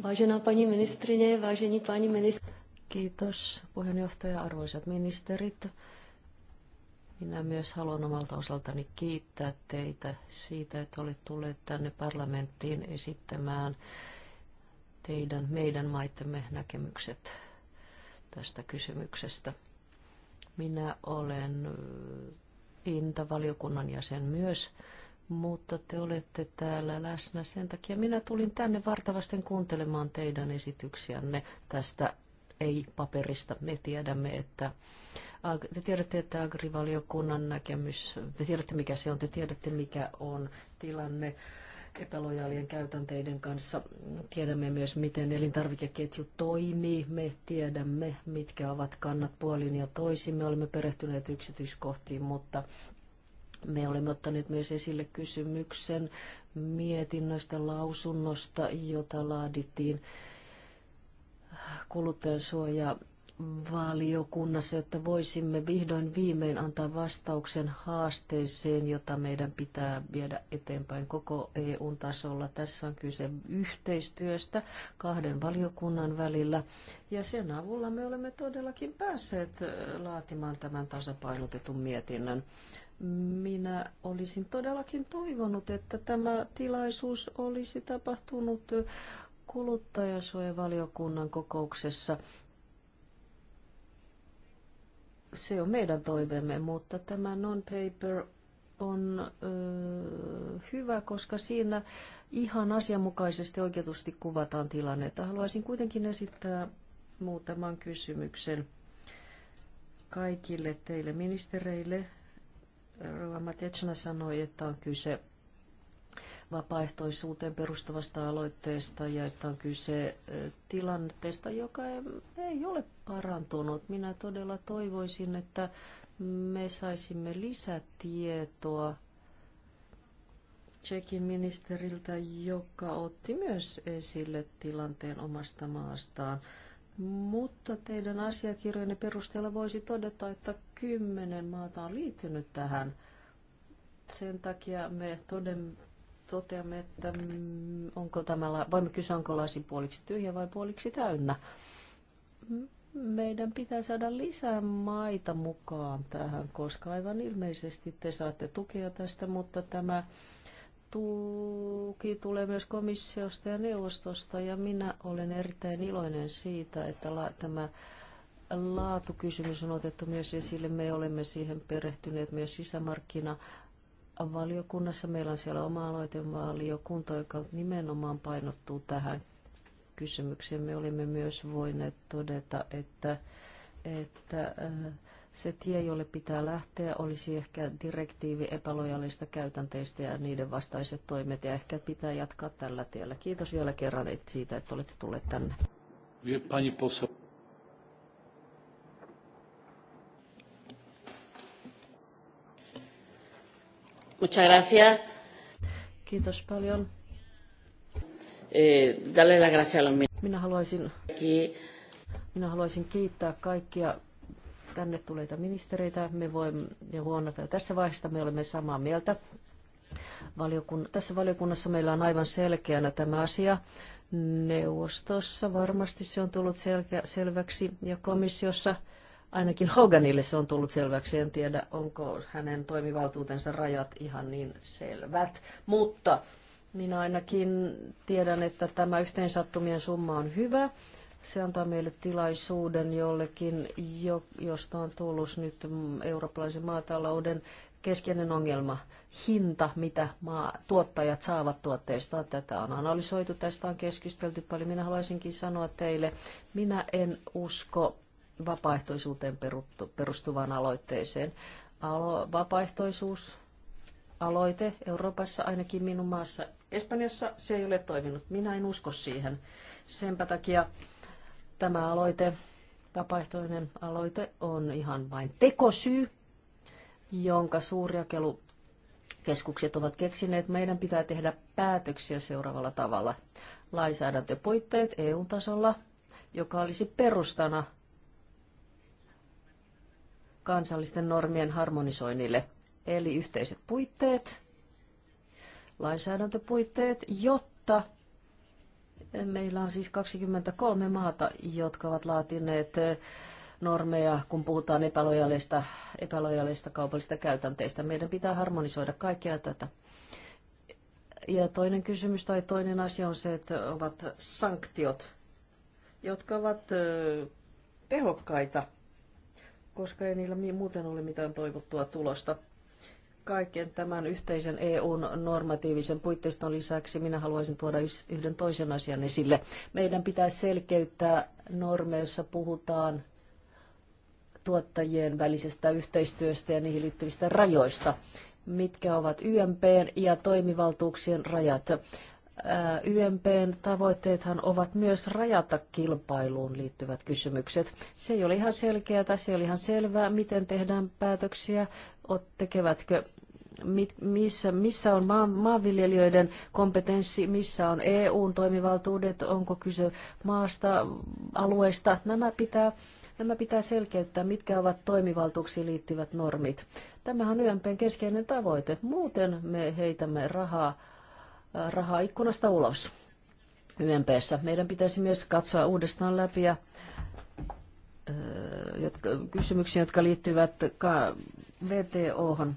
Vážená paní ministrině, vážení páni ministeri. Kiitos puheenjohtaja, arvoisat ministerit. Minä myös haluan omalta osaltani kiittää teitä siitä, että olette tulleet tänne parlamenttiin esittämään teidän, meidän maittemme näkemykset tästä kysymyksestä. Minä olen Inta-valiokunnan jäsen myös, mutta te olette täällä läsnä sen takia. Minä tulin tänne vartavasti kuuntelemaan teidän esityksiänne tästä ei paperista. Me tiedämme, että te tiedätte, että agrivaliokunnan näkemys, te tiedätte mikä se on, te tiedätte mikä on tilanne epälojaalien käytänteiden kanssa. Tiedämme myös, miten elintarvikeketju toimii. Me tiedämme, mitkä ovat kannat puolin ja toisin. Me olemme perehtyneet yksityiskohtiin, mutta me olemme ottaneet myös esille kysymyksen mietinnöstä, lausunnosta, jota laadittiin kuluttajansuojavaliokunnassa, valiokunnassa, jotta voisimme vihdoin viimein antaa vastauksen haasteeseen, jota meidän pitää viedä eteenpäin koko eu tasolla. Tässä on kyse yhteistyöstä kahden valiokunnan välillä ja sen avulla me olemme todellakin päässeet laatimaan tämän tasapainotetun mietinnön. Minä olisin todellakin toivonut, että tämä tilaisuus olisi tapahtunut kuluttajasuojavaliokunnan kokouksessa. Se on meidän toiveemme, mutta tämä non-paper on ö, hyvä, koska siinä ihan asianmukaisesti oikeutusti kuvataan tilannetta. Haluaisin kuitenkin esittää muutaman kysymyksen kaikille teille ministereille. Rova Matjetsna sanoi, että on kyse vapaaehtoisuuteen perustavasta aloitteesta ja että on kyse tilanteesta, joka ei ole parantunut. Minä todella toivoisin, että me saisimme lisätietoa Tsekin ministeriltä, joka otti myös esille tilanteen omasta maastaan. Mutta teidän asiakirjojenne perusteella voisi todeta, että kymmenen maata on liittynyt tähän. Sen takia me toden, toteamme, että mm, onko tämä, voimme kysyä, onko lasi puoliksi tyhjä vai puoliksi täynnä. Meidän pitää saada lisää maita mukaan tähän, koska aivan ilmeisesti te saatte tukea tästä, mutta tämä tuki tulee myös komissiosta ja neuvostosta ja minä olen erittäin iloinen siitä, että la, tämä laatukysymys on otettu myös esille. Me olemme siihen perehtyneet myös sisämarkkina valiokunnassa. Meillä on siellä oma aloitevaliokunta, joka nimenomaan painottuu tähän kysymykseen. Me olimme myös voineet todeta, että, että äh, se tie, jolle pitää lähteä, olisi ehkä direktiivi epälojallista käytänteistä ja niiden vastaiset toimet, ja ehkä pitää jatkaa tällä tiellä. Kiitos vielä kerran siitä, että olette tulleet tänne. Pani Muchas gracias. Kiitos paljon. Eh, Dalle la gracia a Minä haluaisin, minä haluaisin kiittää kaikkia tänne tuleita ministereitä. Me voimme ja huonata. Tässä vaiheessa me olemme samaa mieltä. Valiokun, tässä valiokunnassa meillä on aivan selkeänä tämä asia. Neuvostossa varmasti se on tullut selkeä, selväksi ja komissiossa – Ainakin Hoganille se on tullut selväksi. En tiedä, onko hänen toimivaltuutensa rajat ihan niin selvät. Mutta minä ainakin tiedän, että tämä yhteensattumien summa on hyvä. Se antaa meille tilaisuuden jollekin, jo, josta on tullut nyt eurooppalaisen maatalouden keskeinen ongelma, hinta, mitä maa, tuottajat saavat tuotteista Tätä on analysoitu, tästä on keskusteltu paljon. Minä haluaisinkin sanoa teille, minä en usko vapaaehtoisuuteen perustuvaan aloitteeseen. Alo- vapaaehtoisuus aloite Euroopassa, ainakin minun maassa Espanjassa, se ei ole toiminut. Minä en usko siihen. Senpä takia tämä aloite, vapaaehtoinen aloite, on ihan vain tekosyy, jonka suurjakelu keskukset ovat keksineet, meidän pitää tehdä päätöksiä seuraavalla tavalla. Lainsäädäntöpuitteet EU-tasolla, joka olisi perustana kansallisten normien harmonisoinnille, eli yhteiset puitteet, lainsäädäntöpuitteet, jotta meillä on siis 23 maata, jotka ovat laatineet eh, normeja, kun puhutaan epälojalista, epälojalista kaupallisista käytänteistä. Meidän pitää harmonisoida kaikkea tätä. Ja toinen kysymys tai toinen asia on se, että ovat sanktiot, jotka ovat eh, tehokkaita koska ei niillä muuten ole mitään toivottua tulosta. Kaiken tämän yhteisen EUn normatiivisen puitteiston lisäksi minä haluaisin tuoda yhden toisen asian esille. Meidän pitää selkeyttää normeja, joissa puhutaan tuottajien välisestä yhteistyöstä ja niihin liittyvistä rajoista mitkä ovat YMPn ja toimivaltuuksien rajat. YMPn tavoitteethan ovat myös rajata kilpailuun liittyvät kysymykset. Se ei ole ihan selkeää tai se ei ole ihan selvää, miten tehdään päätöksiä, tekevätkö missä, missä on maan, maanviljelijöiden kompetenssi, missä on EUn toimivaltuudet, onko kyse maasta, alueesta. Nämä pitää, nämä pitää selkeyttää, mitkä ovat toimivaltuuksiin liittyvät normit. Tämähän on YMPn keskeinen tavoite. Muuten me heitämme rahaa rahaa ikkunasta ulos YMPssä. Meidän pitäisi myös katsoa uudestaan läpi ja jotka, kysymyksiä, jotka liittyvät VTOhon.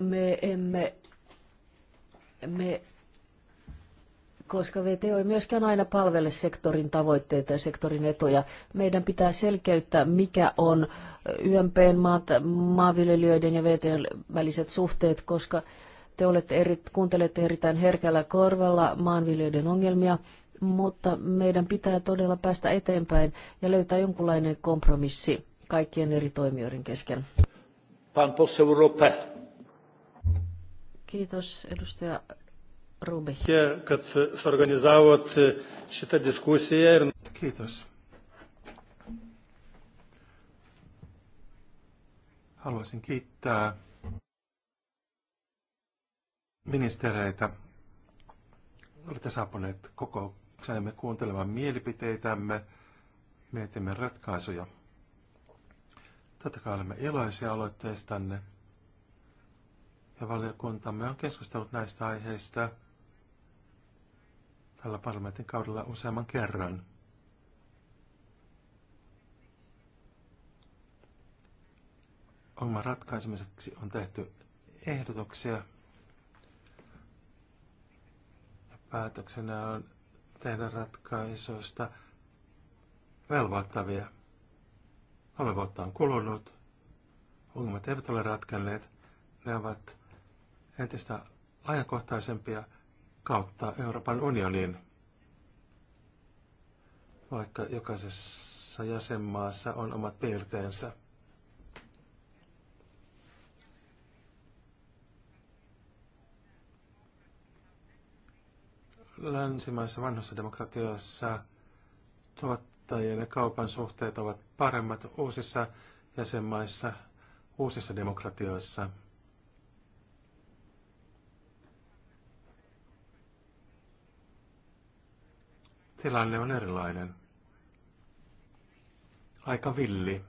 Me emme, me, koska VTO ei myöskään aina palvele sektorin tavoitteita ja sektorin etuja, meidän pitää selkeyttää, mikä on YMPn maat, maanviljelijöiden ja VTOn väliset suhteet, koska äh, te olette eri, kuuntelette erittäin herkällä korvalla maanviljelijöiden ongelmia, mutta meidän pitää todella päästä eteenpäin ja löytää jonkunlainen kompromissi kaikkien eri toimijoiden kesken. Kiitos, edustaja Rubi. E, Kiitos. Haluaisin kiittää ministereitä. Olette saapuneet kokoukseemme kuuntelemaan mielipiteitämme. Mietimme ratkaisuja. Totta kai olemme iloisia aloitteistanne. Ja valiokuntamme on keskustellut näistä aiheista tällä parlamentin kaudella useamman kerran. Ongelman ratkaisemiseksi on tehty ehdotuksia – päätöksenä on tehdä ratkaisuista velvoittavia. Kolme vuotta on kulunut, ongelmat eivät ole ratkenneet, ne ovat entistä ajankohtaisempia kautta Euroopan unionin, vaikka jokaisessa jäsenmaassa on omat piirteensä. länsimaissa vanhassa demokratioissa tuottajien ja kaupan suhteet ovat paremmat uusissa jäsenmaissa, uusissa demokratioissa. Tilanne on erilainen. Aika villi.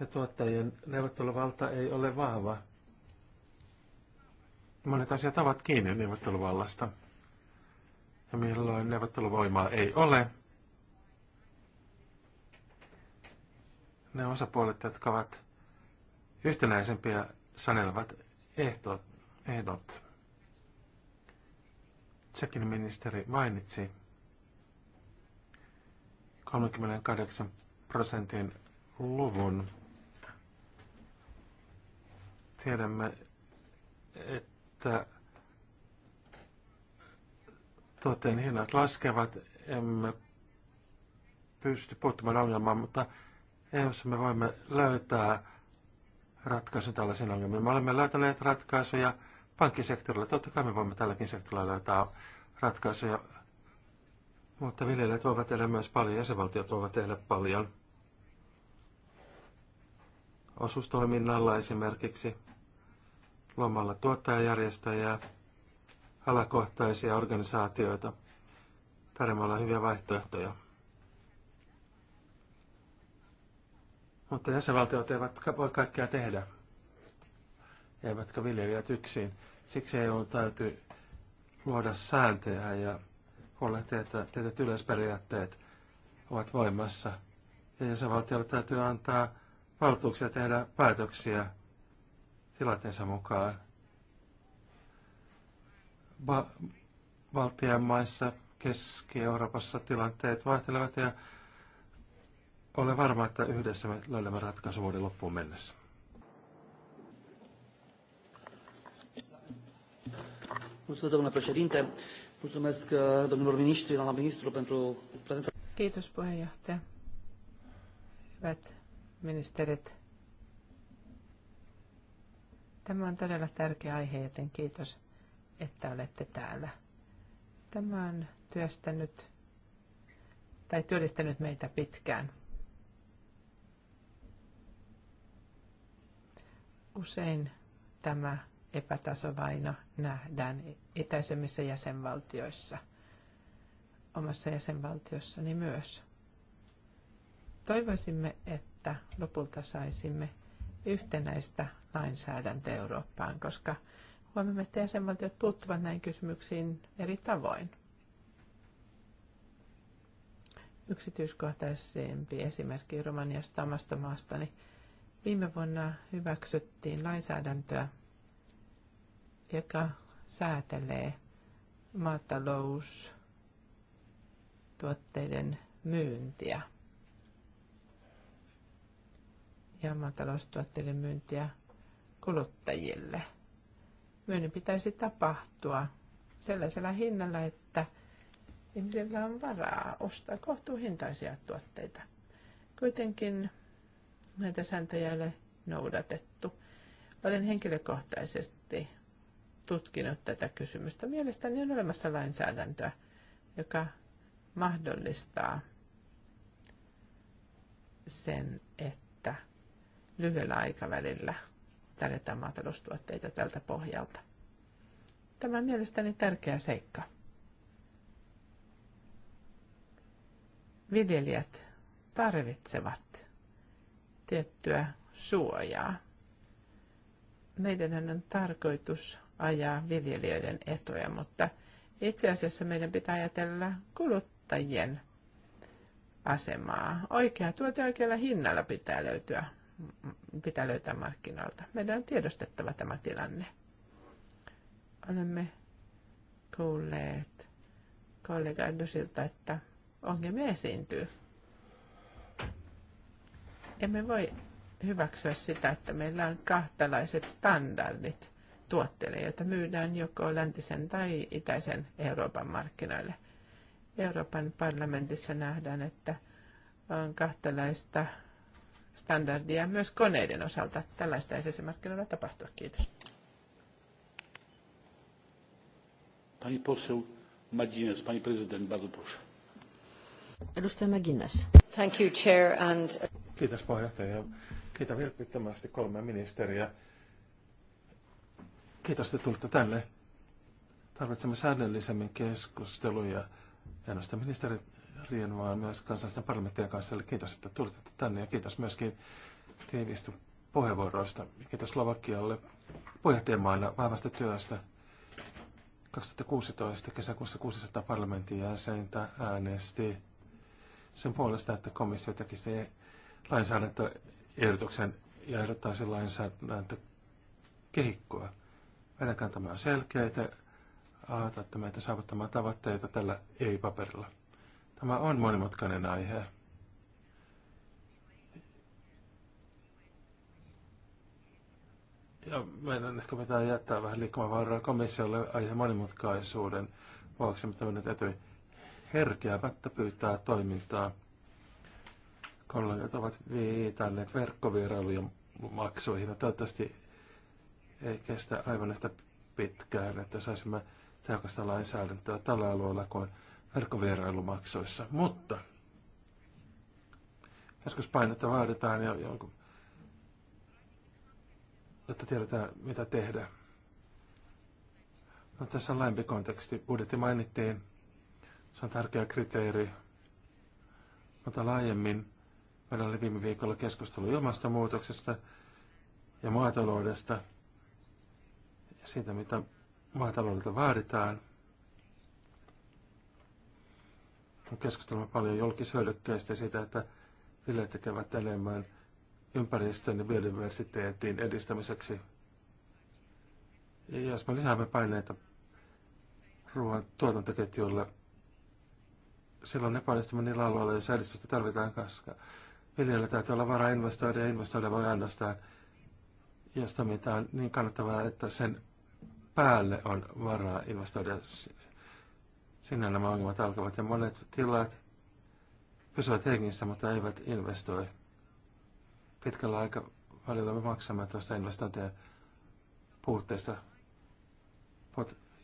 Ja tuottajien neuvotteluvalta ei ole vahva monet asiat ovat kiinni neuvotteluvallasta. Ja milloin neuvotteluvoimaa ei ole, ne osapuolet, jotka ovat yhtenäisempiä, sanelevat ehdot. ehdot. Tsekin ministeri mainitsi 38 prosentin luvun. Tiedämme, että että tuotteen hinnat laskevat, emme pysty puuttumaan ongelmaan, mutta jos me voimme löytää ratkaisun tällaisiin ongelmiin. Me olemme löytäneet ratkaisuja pankkisektorilla. Totta kai me voimme tälläkin sektorilla löytää ratkaisuja, mutta viljelijät voivat tehdä myös paljon, jäsenvaltiot voivat tehdä paljon. Osuustoiminnalla esimerkiksi luomalla tuottajajärjestäjää, alakohtaisia organisaatioita, tarjoamalla hyviä vaihtoehtoja. Mutta jäsenvaltiot eivät voi kaikkea tehdä, eivätkä viljelijät yksin. Siksi EU täytyy luoda sääntöjä ja huolehtia, että tietyt yleisperiaatteet ovat voimassa. Ja jäsenvaltiolle täytyy antaa valtuuksia tehdä päätöksiä tilanteensa mukaan. Ba- Baltian maissa, Keski-Euroopassa tilanteet vaihtelevat ja olen varma, että yhdessä me löydämme ratkaisu vuoden loppuun mennessä. Kiitos, puheenjohtaja. Hyvät ministerit, Tämä on todella tärkeä aihe, joten kiitos, että olette täällä. Tämä on työstänyt tai työllistänyt meitä pitkään. Usein tämä epätasovaino nähdään itäisemmissä jäsenvaltioissa, omassa jäsenvaltiossani myös. Toivoisimme, että lopulta saisimme yhtenäistä lainsäädäntö Eurooppaan, koska huomioimme, että jäsenvaltiot puuttuvat näihin kysymyksiin eri tavoin. Yksityiskohtaisempi esimerkki Romaniasta omasta niin Viime vuonna hyväksyttiin lainsäädäntöä, joka säätelee maataloustuotteiden myyntiä ja maataloustuotteiden myyntiä kuluttajille. Myynnin pitäisi tapahtua sellaisella hinnalla, että ihmisillä on varaa ostaa kohtuuhintaisia tuotteita. Kuitenkin näitä sääntöjä ei ole noudatettu. Olen henkilökohtaisesti tutkinut tätä kysymystä. Mielestäni on olemassa lainsäädäntöä, joka mahdollistaa sen, että lyhyellä aikavälillä tarjotaan maataloustuotteita tältä pohjalta. Tämä on mielestäni tärkeä seikka. Viljelijät tarvitsevat tiettyä suojaa. Meidän on tarkoitus ajaa viljelijöiden etuja, mutta itse asiassa meidän pitää ajatella kuluttajien asemaa. Oikea tuote oikealla hinnalla pitää löytyä pitää löytää markkinoilta. Meidän on tiedostettava tämä tilanne. Olemme kuulleet kollega Dusilta, että ongelmia esiintyy. Emme voi hyväksyä sitä, että meillä on kahtalaiset standardit tuotteille, joita myydään joko läntisen tai itäisen Euroopan markkinoille. Euroopan parlamentissa nähdään, että on kahtalaista standardia myös koneiden osalta. Tällaista ei markkinoilla tapahtua. Kiitos. Pani poseł Maginas, pani prezydent, bardzo proszę. Edustaja Madines. Thank you, chair, and... Kiitos puheenjohtaja. Kiitän vilpittömästi kolme ministeriä. Kiitos, että tulitte tänne. Tarvitsemme säännöllisemmin keskusteluja. Ja ministeri Rien, ja myös kansallisten parlamenttien kanssa. Eli kiitos, että tulitte tänne ja kiitos myöskin tiivistä puheenvuoroista. Kiitos Slovakialle puheenjohtajamaana vahvasta työstä. 2016 kesäkuussa 600 parlamentin jäsentä äänesti sen puolesta, että komissio tekisi lainsäädäntöehdotuksen ja ehdottaisi lainsäädäntökehikkoa. Meidän kantamme on selkeitä, autatte meitä saavuttamaan tavoitteita tällä ei-paperilla. Tämä on monimutkainen aihe. Ja meidän ehkä pitää jättää vähän liikkumavaraa komissiolle aihe monimutkaisuuden vuoksi, mutta meidän täytyy herkeämättä pyytää toimintaa. Kollegat ovat viitanneet verkkovierailujen maksuihin ja no, toivottavasti ei kestä aivan yhtä pitkään, että saisimme tehokasta lainsäädäntöä tällä alueella, kun verkkovierailumaksoissa, mutta joskus painetta vaaditaan ja jonkun, jotta tiedetään mitä tehdä. No, tässä on laajempi konteksti. Budjetti mainittiin, se on tärkeä kriteeri, mutta laajemmin meillä oli viime viikolla keskustelu ilmastonmuutoksesta ja maataloudesta ja siitä, mitä maataloudelta vaaditaan. keskustelemme paljon julkishyödykkeistä siitä, että ville tekevät enemmän ympäristön ja biodiversiteetin edistämiseksi. Ja jos me lisäämme paineita ruoan tuotantoketjulle, silloin paineistamme niillä alueilla, joissa edistystä tarvitaan, koska viljellä täytyy olla varaa investoida ja investoida voi ainoastaan, jos toiminta on niin kannattavaa, että sen päälle on varaa investoida Sinne nämä ongelmat alkavat ja monet tilat pysyvät hengissä, mutta eivät investoi. Pitkällä aikavälillä me maksamme tuosta investointien puutteesta,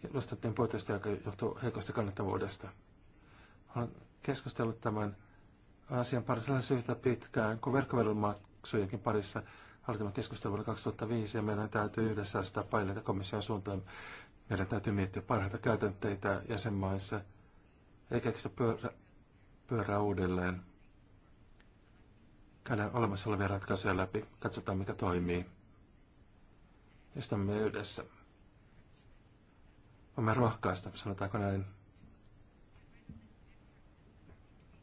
investointien puutteesta, joka johtuu heikosta kannattavuudesta. Olen keskustellut tämän asian parissa yhtä pitkään, kuin verkkoveromaksujenkin parissa aloitimme keskustelua vuonna 2005 ja meidän täytyy yhdessä sitä paineita komission suuntaan, meidän täytyy miettiä parhaita käytänteitä jäsenmaissa, eikä keksitä pyörä, pyörää uudelleen. Käydään olemassa olevia ratkaisuja läpi, katsotaan mikä toimii. Estämme yhdessä. Voimme rohkaista, sanotaanko näin,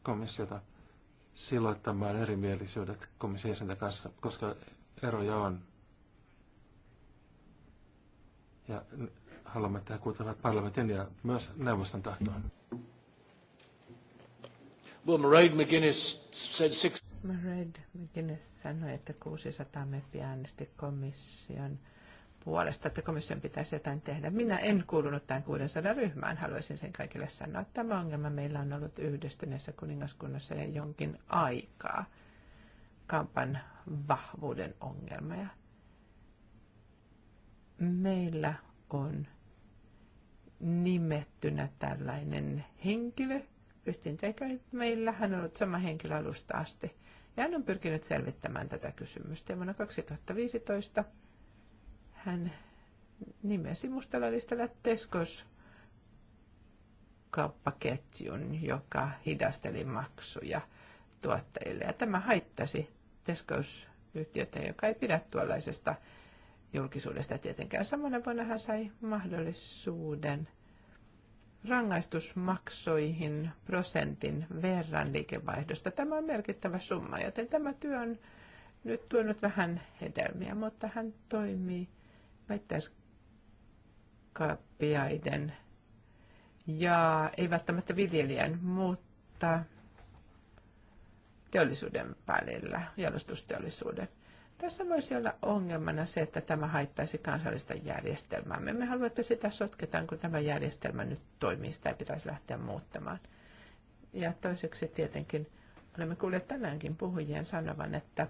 komissiota siloittamaan erimielisyydet komission jäsenten kanssa, koska eroja on. Ja haluamme tehdä kuuntelevat parlamentin ja myös neuvoston tahtoa. Well, Mairead McGuinness said six... Mairead McGuinness sanoi, että 600 meppiä äänesti komission puolesta, että komission pitäisi jotain tehdä. Minä en kuulunut tämän 600 ryhmään, haluaisin sen kaikille sanoa. Tämä ongelma meillä on ollut yhdistyneessä kuningaskunnassa jo jonkin aikaa. Kampan vahvuuden ongelma. Ja meillä on nimettynä tällainen henkilö. Kristin Jacob, hän on ollut sama henkilö alusta asti. Ja hän on pyrkinyt selvittämään tätä kysymystä. Ja vuonna 2015 hän nimesi mustalla listalla Teskos kauppaketjun, joka hidasteli maksuja tuottajille. Ja tämä haittasi Teskos yhtiötä, joka ei pidä tuollaisesta julkisuudesta tietenkään. Samana vuonna hän sai mahdollisuuden rangaistusmaksoihin prosentin verran liikevaihdosta. Tämä on merkittävä summa, joten tämä työ on nyt tuonut vähän hedelmiä, mutta hän toimii väittäiskaappiaiden ja ei välttämättä viljelijän, mutta teollisuuden välillä, jalostusteollisuuden. Tässä voisi olla ongelmana se, että tämä haittaisi kansallista järjestelmää. Me emme halua, että sitä sotketaan, kun tämä järjestelmä nyt toimii. Sitä ei pitäisi lähteä muuttamaan. Ja toiseksi tietenkin olemme kuulleet tänäänkin puhujien sanovan, että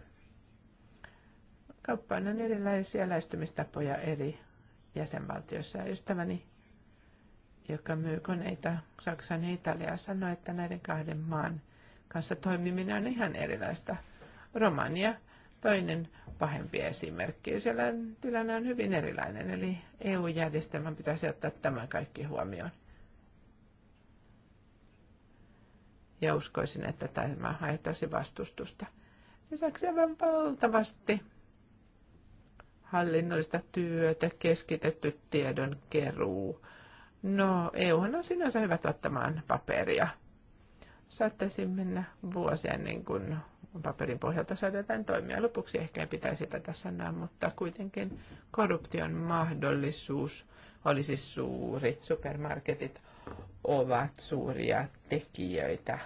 kauppaan on erilaisia lähestymistapoja eri jäsenvaltioissa. Ystäväni, joka myy koneita Saksan ja Italiaan, sanoi, että näiden kahden maan kanssa toimiminen on ihan erilaista. Romania, toinen pahempi esimerkkejä. Siellä tilanne on hyvin erilainen, eli EU-järjestelmän pitäisi ottaa tämän kaikki huomioon. Ja uskoisin, että tämä haittaisi vastustusta. Lisäksi aivan valtavasti hallinnollista työtä, keskitetty tiedon keruu. No, EU on sinänsä hyvä tuottamaan paperia. Saattaisi mennä vuosia ennen kuin paperin pohjalta saada jotain toimia. Lopuksi ehkä ei pitäisi tätä sanoa, mutta kuitenkin korruption mahdollisuus olisi suuri. Supermarketit ovat suuria tekijöitä.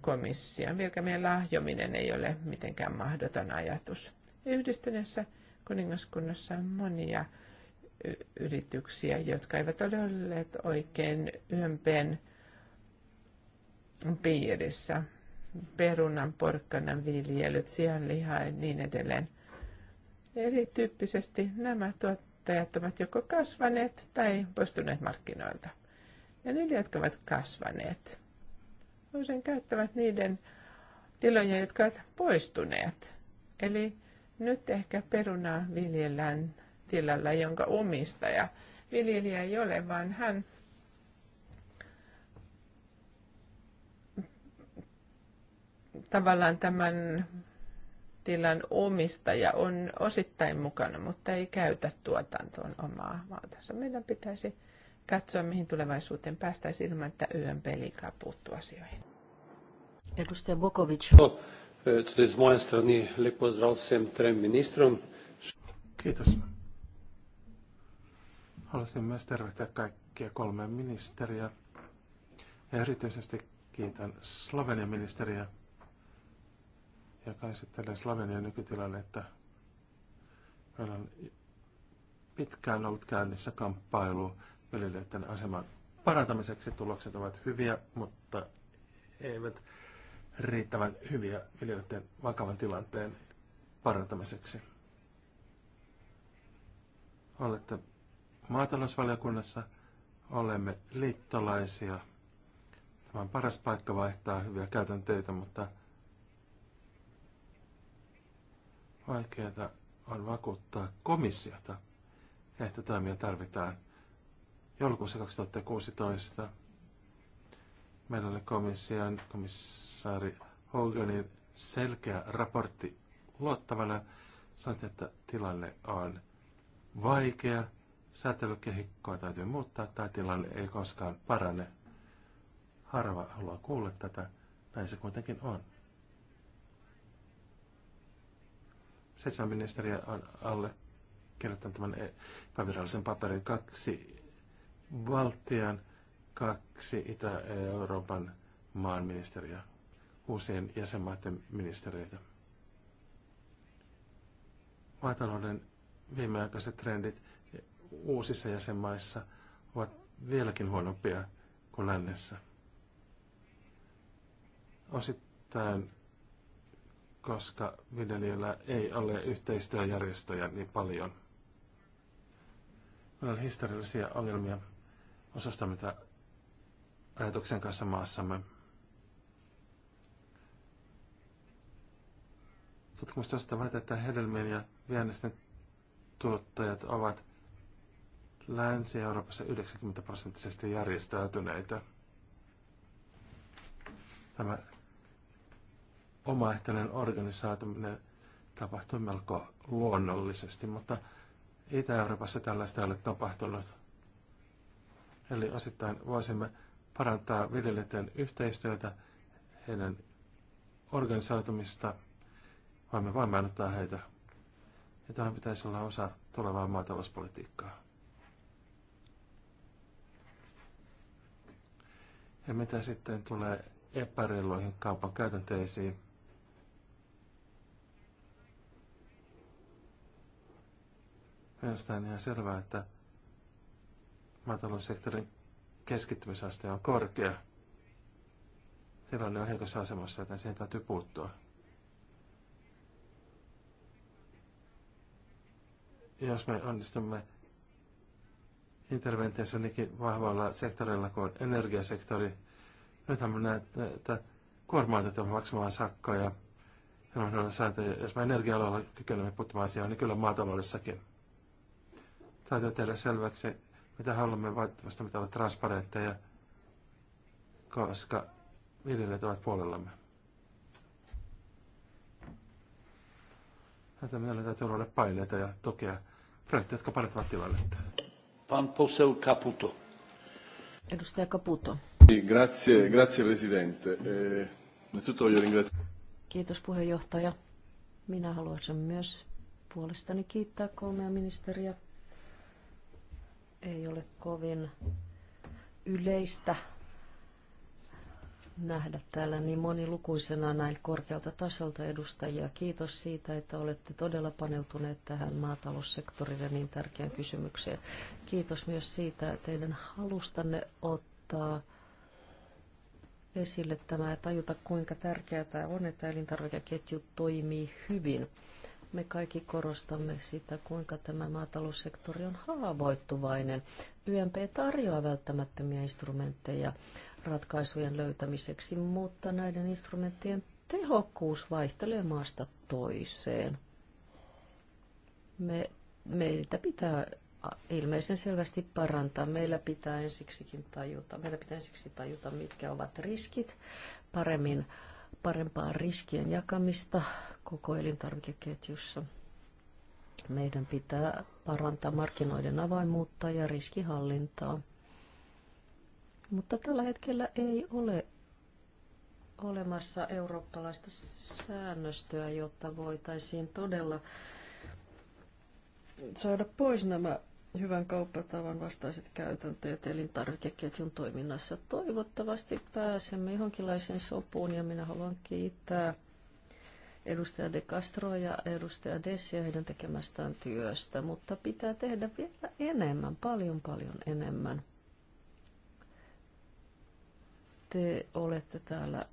Komission virkamien lahjominen ei ole mitenkään mahdoton ajatus. Yhdistyneessä kuningaskunnassa on monia yrityksiä, jotka eivät ole olleet oikein ympeen piirissä perunan, porkkanan viljelyt, sianliha ja niin edelleen. Erityyppisesti nämä tuottajat ovat joko kasvaneet tai poistuneet markkinoilta. Ja ne, jotka ovat kasvaneet, usein käyttävät niiden tiloja, jotka ovat poistuneet. Eli nyt ehkä perunaa viljellään tilalla, jonka omistaja viljelijä ei ole, vaan hän – tavallaan tämän tilan omistaja on osittain mukana, mutta ei käytä tuotantoon omaa valtansa. Meidän pitäisi katsoa, mihin tulevaisuuteen päästäisiin ilman, että yön pelikaa puuttuu asioihin. Edustaja Bokovic. Uh, Kiitos. Haluaisin myös tervehtiä kaikkia kolme ministeriä ja erityisesti kiitän Slovenian ministeriä sitten esittelee Slovenian että Meillä on pitkään ollut käynnissä kamppailu viljelijöiden aseman parantamiseksi. Tulokset ovat hyviä, mutta eivät riittävän hyviä viljelijöiden vakavan tilanteen parantamiseksi. Olette maatalousvaliokunnassa, olemme liittolaisia. Tämä on paras paikka vaihtaa hyviä käytänteitä, mutta vaikeaa on vakuuttaa komissiota, että toimia tarvitaan. Joulukuussa 2016 meillä oli komission komissaari Hoganin selkeä raportti luottavana. Sanoit, että tilanne on vaikea, säätelykehikkoa täytyy muuttaa tai tilanne ei koskaan parane. Harva haluaa kuulla tätä, näin se kuitenkin on. seitsemän ministeriä on alle kirjoittanut tämän e- epävirallisen paperin. Kaksi Baltian, kaksi Itä-Euroopan maan ministeriä, uusien jäsenmaiden ministeriöitä. Maatalouden viimeaikaiset trendit uusissa jäsenmaissa ovat vieläkin huonompia kuin lännessä. Osittain koska viljelijöillä ei ole yhteistyöjärjestöjä niin paljon. Meillä on historiallisia ongelmia osastamme ajatuksen kanssa maassamme. Tutkimus väitetään, että hedelmien ja viennisten tuottajat ovat Länsi-Euroopassa 90 prosenttisesti järjestäytyneitä. Tämä omaehtoinen organisaatuminen tapahtui melko luonnollisesti, mutta Itä-Euroopassa tällaista ei ole tapahtunut. Eli osittain voisimme parantaa viljelijöiden yhteistyötä, heidän organisoitumista, voimme vain heitä. Ja tämä pitäisi olla osa tulevaa maatalouspolitiikkaa. Ja mitä sitten tulee epäreiluihin kaupan käytänteisiin, Minusta on ihan selvää, että maataloussektorin keskittymisaste on korkea. Tilanne on heikossa asemassa, joten siihen täytyy puuttua. Jos me onnistumme interventiossa niinkin vahvalla sektorilla kuin energiasektori, nythän me näette, että on maksamaan sakkoja. jos me energia-alalla kykenemme puuttumaan asiaan, niin kyllä maataloudessakin täytyy tehdä selväksi, mitä haluamme vaikuttavasti mitä olla transparentteja, koska viljelijät ovat puolellamme. Tätä meillä täytyy olla paineita ja tukea projekteja, jotka parantavat tilannetta. Pan poseu Caputo. Edustaja Caputo. Grazie, grazie Presidente. Eh, Kiitos puheenjohtaja. Minä haluaisin myös puolestani kiittää kolmea ministeriä ei ole kovin yleistä nähdä täällä niin monilukuisena näiltä korkealta tasolta edustajia. Kiitos siitä, että olette todella paneutuneet tähän maataloussektorille niin tärkeään kysymykseen. Kiitos myös siitä teidän halustanne ottaa esille tämä ja tajuta, kuinka tärkeää tämä on, että elintarvikeketju toimii hyvin. Me kaikki korostamme sitä, kuinka tämä maataloussektori on haavoittuvainen. YMP tarjoaa välttämättömiä instrumentteja ratkaisujen löytämiseksi, mutta näiden instrumenttien tehokkuus vaihtelee maasta toiseen. Me, meiltä pitää ilmeisen selvästi parantaa. Meillä pitää ensiksikin tajuta, meillä pitää ensiksi tajuta, mitkä ovat riskit, paremmin parempaa riskien jakamista koko elintarvikeketjussa. Meidän pitää parantaa markkinoiden avaimuutta ja riskihallintaa. Mutta tällä hetkellä ei ole olemassa eurooppalaista säännöstöä, jotta voitaisiin todella saada pois nämä hyvän kauppatavan vastaiset käytänteet elintarvikeketjun toiminnassa. Toivottavasti pääsemme johonkinlaiseen sopuun ja minä haluan kiittää edustaja De Castro ja edustaja Dessia heidän tekemästään työstä, mutta pitää tehdä vielä enemmän, paljon paljon enemmän. Te olette täällä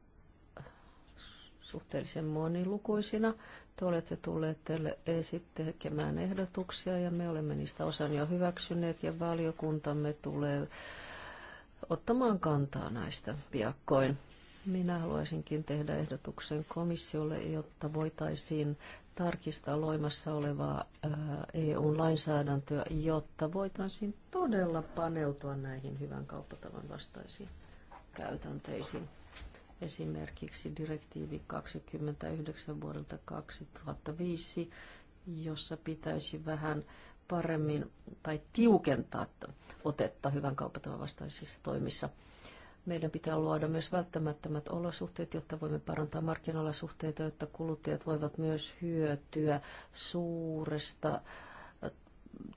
suhteellisen monilukuisina. Te olette tulleet teille esittekemään ehdotuksia ja me olemme niistä osan jo hyväksyneet ja valiokuntamme tulee ottamaan kantaa näistä piakkoin. Minä haluaisinkin tehdä ehdotuksen komissiolle, jotta voitaisiin tarkistaa loimassa olevaa EU-lainsäädäntöä, jotta voitaisiin todella paneutua näihin hyvän kauppatavan vastaisiin käytänteisiin. Esimerkiksi direktiivi 29 vuodelta 2005, jossa pitäisi vähän paremmin tai tiukentaa otetta hyvän kauppatavan vastaisissa toimissa. Meidän pitää luoda myös välttämättömät olosuhteet, jotta voimme parantaa markkinoilla suhteita, jotta kuluttajat voivat myös hyötyä suuresta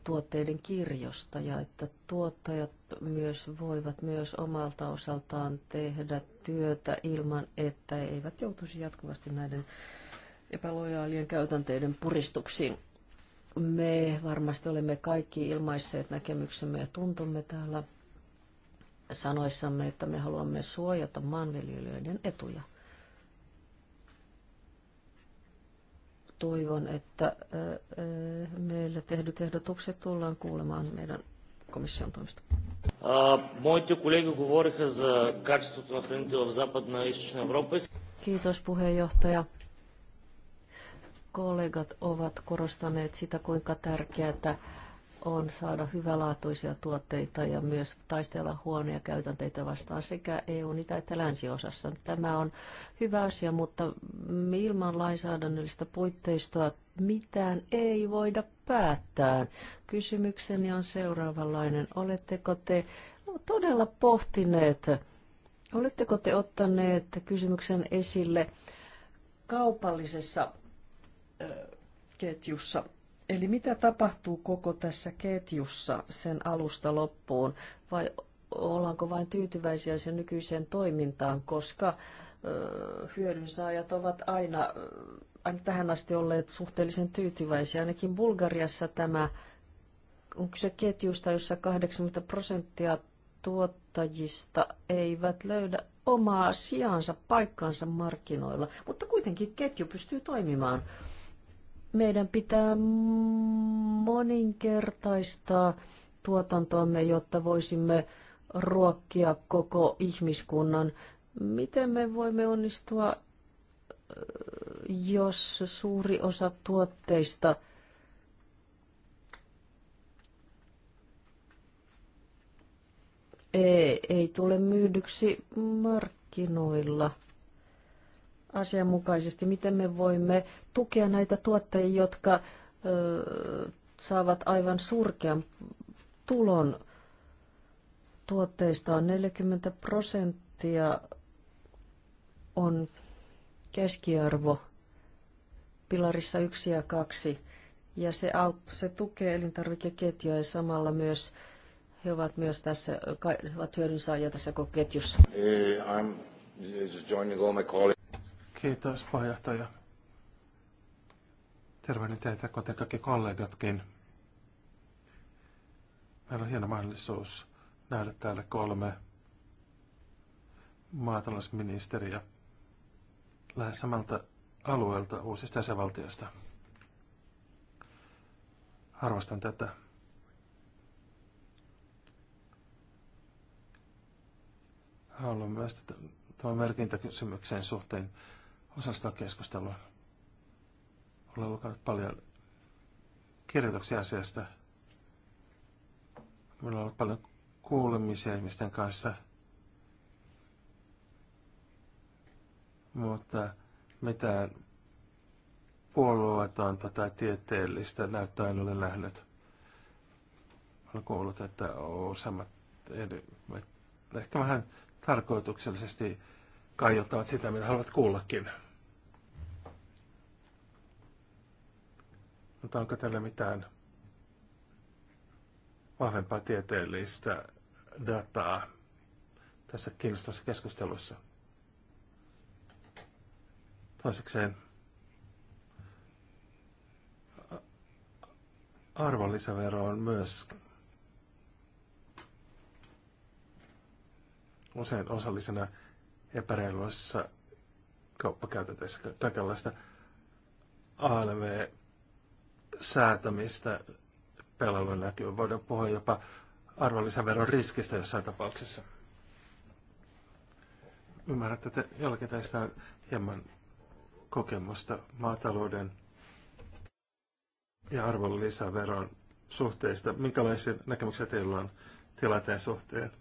tuotteiden kirjosta ja että tuottajat myös voivat myös omalta osaltaan tehdä työtä ilman, että eivät joutuisi jatkuvasti näiden epälojaalien käytänteiden puristuksiin. Me varmasti olemme kaikki ilmaisseet näkemyksemme ja tuntumme täällä sanoissamme, että me haluamme suojata maanviljelijöiden etuja – toivon, että meillä tehdyt ehdotukset tullaan kuulemaan meidän komission toimesta. Moitte kollegi говориха за качеството на храните в Западна и Източна Европа. Kiitos puheenjohtaja. Kollegat ovat korostaneet sitä, kuinka tärkeää on saada hyvälaatuisia tuotteita ja myös taistella huonoja käytänteitä vastaan sekä EU- itä- että länsiosassa. Tämä on hyvä asia, mutta ilman lainsäädännöllistä puitteistoa mitään ei voida päättää. Kysymykseni on seuraavanlainen. Oletteko te todella pohtineet, oletteko te ottaneet kysymyksen esille kaupallisessa ketjussa – Eli mitä tapahtuu koko tässä ketjussa sen alusta loppuun vai ollaanko vain tyytyväisiä sen nykyiseen toimintaan, koska hyödynsaajat ovat aina, aina tähän asti olleet suhteellisen tyytyväisiä. Ainakin Bulgariassa tämä on kyse ketjusta, jossa 80 prosenttia tuottajista eivät löydä omaa sijaansa, paikkaansa markkinoilla, mutta kuitenkin ketju pystyy toimimaan meidän pitää moninkertaistaa tuotantoamme, jotta voisimme ruokkia koko ihmiskunnan. Miten me voimme onnistua, äh, jos suuri osa tuotteista ei, ei tule myydyksi markkinoilla? asianmukaisesti, miten me voimme tukea näitä tuottajia, jotka ö, saavat aivan surkean tulon tuotteista 40 prosenttia on keskiarvo pilarissa 1 ja 2. Ja se, se tukee elintarvikeketjua ja samalla myös he ovat myös tässä, he ovat hyödynsaajia tässä koko ketjussa. Eh, I'm joining all my colleagues. Kiitos puheenjohtaja. Tervehdin teitä, kuten kaikki kollegatkin. Meillä on hieno mahdollisuus nähdä täällä kolme maatalousministeriä lähes samalta alueelta uusista jäsenvaltiosta. Arvostan tätä. Haluan myös tämän merkintäkysymyksen suhteen osastaa keskustelua. Olen lukenut paljon kirjoituksia asiasta. Minulla on ollut paljon kuulemisia ihmisten kanssa. Mutta mitään puolueetonta tai tieteellistä näyttöä en ole nähnyt. Olen kuullut, että osamat, ehkä vähän tarkoituksellisesti kaiuttavat sitä, mitä haluat kuullakin. Mutta onko tällä mitään vahvempaa tieteellistä dataa tässä kiinnostavassa keskustelussa? Toisekseen arvonlisävero on myös usein osallisena epäreiluissa kauppakäytänteissä kaikenlaista ALV säätämistä pelailujen läpi. Voidaan puhua jopa arvonlisäveron riskistä jossain tapauksessa. Ymmärrän, että te, jollakin on hieman kokemusta maatalouden ja arvonlisäveron suhteista. Minkälaisia näkemyksiä teillä on tilanteen suhteen?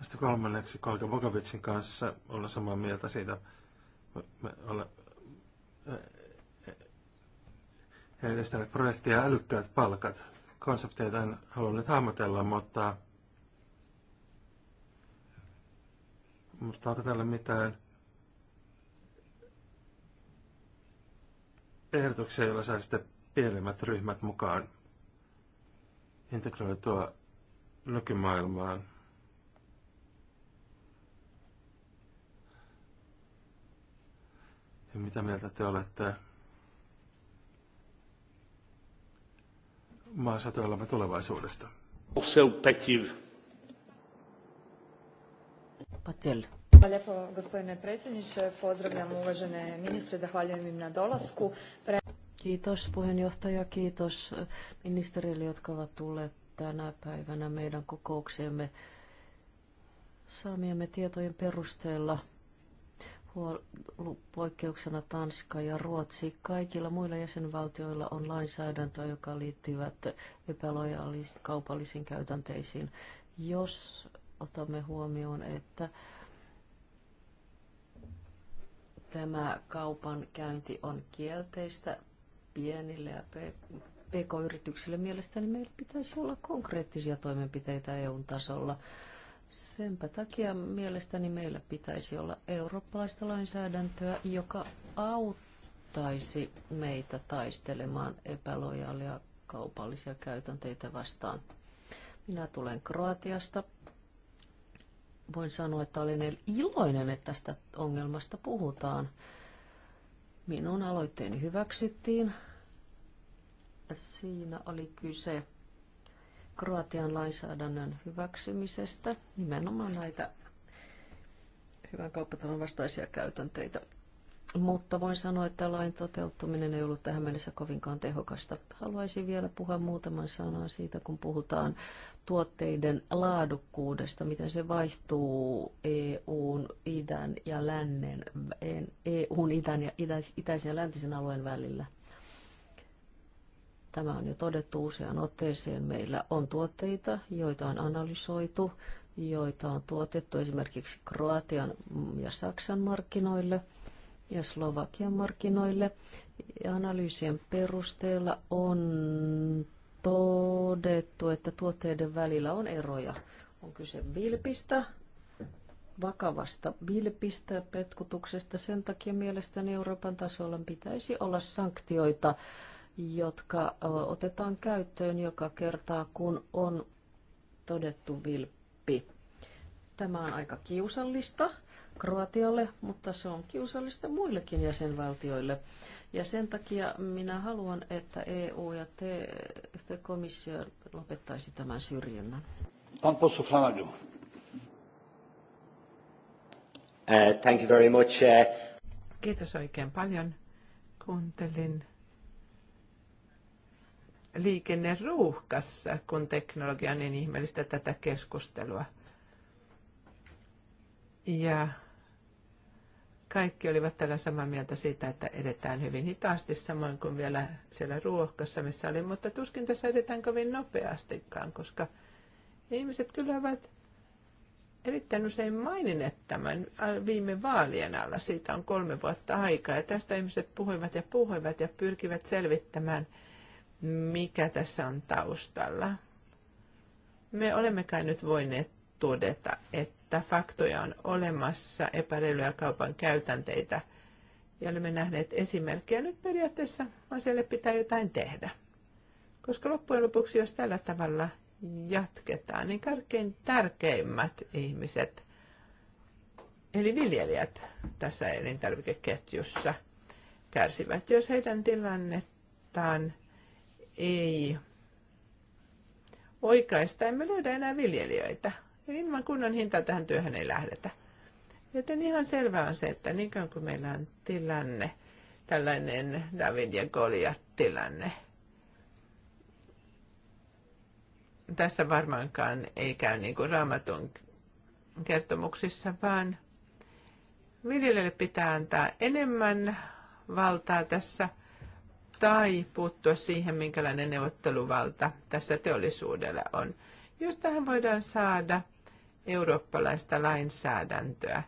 Sitten kolmanneksi kollega Vokovicin kanssa olen samaa mieltä siitä. Me, me ole, ja edistäneet projektia älykkäät palkat. Konsepteita en halunnut hahmotella, mutta, mutta onko täällä mitään ehdotuksia, joilla saa sitten pienemmät ryhmät mukaan integroitua nykymaailmaan? Ja mitä mieltä te olette maasatoillamme tulevaisuudesta. Petir. Patel. Hvala lijepo gospodine predsjedniče, pozdravljam uvažene ministre, zahvaljujem im na dolasku. Pre... Kiitos puheenjohtaja, kiitos eh, ministerille, jotka ovat tulleet tänä päivänä meidän kokoukseemme saamiemme tietojen perusteella poikkeuksena Tanska ja Ruotsi. Kaikilla muilla jäsenvaltioilla on lainsäädäntöä, joka liittyvät epälojaalisiin kaupallisiin käytänteisiin. Jos otamme huomioon, että tämä kaupan käynti on kielteistä pienille ja pk-yrityksille, mielestäni meillä pitäisi olla konkreettisia toimenpiteitä eu tasolla Senpä takia mielestäni meillä pitäisi olla eurooppalaista lainsäädäntöä, joka auttaisi meitä taistelemaan epälojaalia kaupallisia käytänteitä vastaan. Minä tulen Kroatiasta. Voin sanoa, että olen iloinen, että tästä ongelmasta puhutaan. Minun aloitteeni hyväksyttiin. Siinä oli kyse Kroatian lainsäädännön hyväksymisestä, nimenomaan näitä hyvän kauppatavan vastaisia käytänteitä. Mutta voin sanoa, että lain toteuttaminen ei ollut tähän mennessä kovinkaan tehokasta. Haluaisin vielä puhua muutaman sanan siitä, kun puhutaan tuotteiden laadukkuudesta, miten se vaihtuu EUn idän ja lännen, EUn idän ja itäisen ja läntisen alueen välillä. Tämä on jo todettu useaan otteeseen. Meillä on tuotteita, joita on analysoitu, joita on tuotettu esimerkiksi Kroatian ja Saksan markkinoille ja Slovakian markkinoille. Analyysien perusteella on todettu, että tuotteiden välillä on eroja. On kyse vilpistä, vakavasta vilpistä ja petkutuksesta. Sen takia mielestäni Euroopan tasolla pitäisi olla sanktioita jotka otetaan käyttöön joka kertaa, kun on todettu vilppi. Tämä on aika kiusallista Kroatialle, mutta se on kiusallista muillekin jäsenvaltioille. Ja sen takia minä haluan, että EU ja te, te komissio lopettaisi tämän syrjinnän. Pan posso Uh, thank you very much. Uh... Kiitos oikein paljon. Kuuntelin liikenneruuhkassa, kun teknologia on niin ihmeellistä tätä keskustelua. Ja kaikki olivat tällä samaa mieltä siitä, että edetään hyvin hitaasti, samoin kuin vielä siellä ruuhkassa missä oli, mutta tuskin tässä edetään kovin nopeastikaan, koska ihmiset kyllä ovat erittäin usein maininneet tämän viime vaalien alla. Siitä on kolme vuotta aikaa ja tästä ihmiset puhuivat ja puhuivat ja pyrkivät selvittämään – mikä tässä on taustalla. Me olemme kai nyt voineet todeta, että faktoja on olemassa, epäreilyjä kaupan käytänteitä, ja olemme nähneet esimerkkejä. Nyt periaatteessa asialle pitää jotain tehdä. Koska loppujen lopuksi, jos tällä tavalla jatketaan, niin kaikkein tärkeimmät ihmiset, eli viljelijät tässä elintarvikeketjussa, kärsivät. Jos heidän tilannettaan ei oikaista, emme löydä enää viljelijöitä. Ilman kunnon hintaa tähän työhön ei lähdetä. Joten ihan selvää on se, että niin kauan kuin meillä on tilanne, tällainen David ja Goliat tilanne, tässä varmaankaan ei käy niin kuin raamatun kertomuksissa, vaan viljelijöille pitää antaa enemmän valtaa tässä – tai puuttua siihen, minkälainen neuvotteluvalta tässä teollisuudella on. Jos tähän voidaan saada eurooppalaista lainsäädäntöä,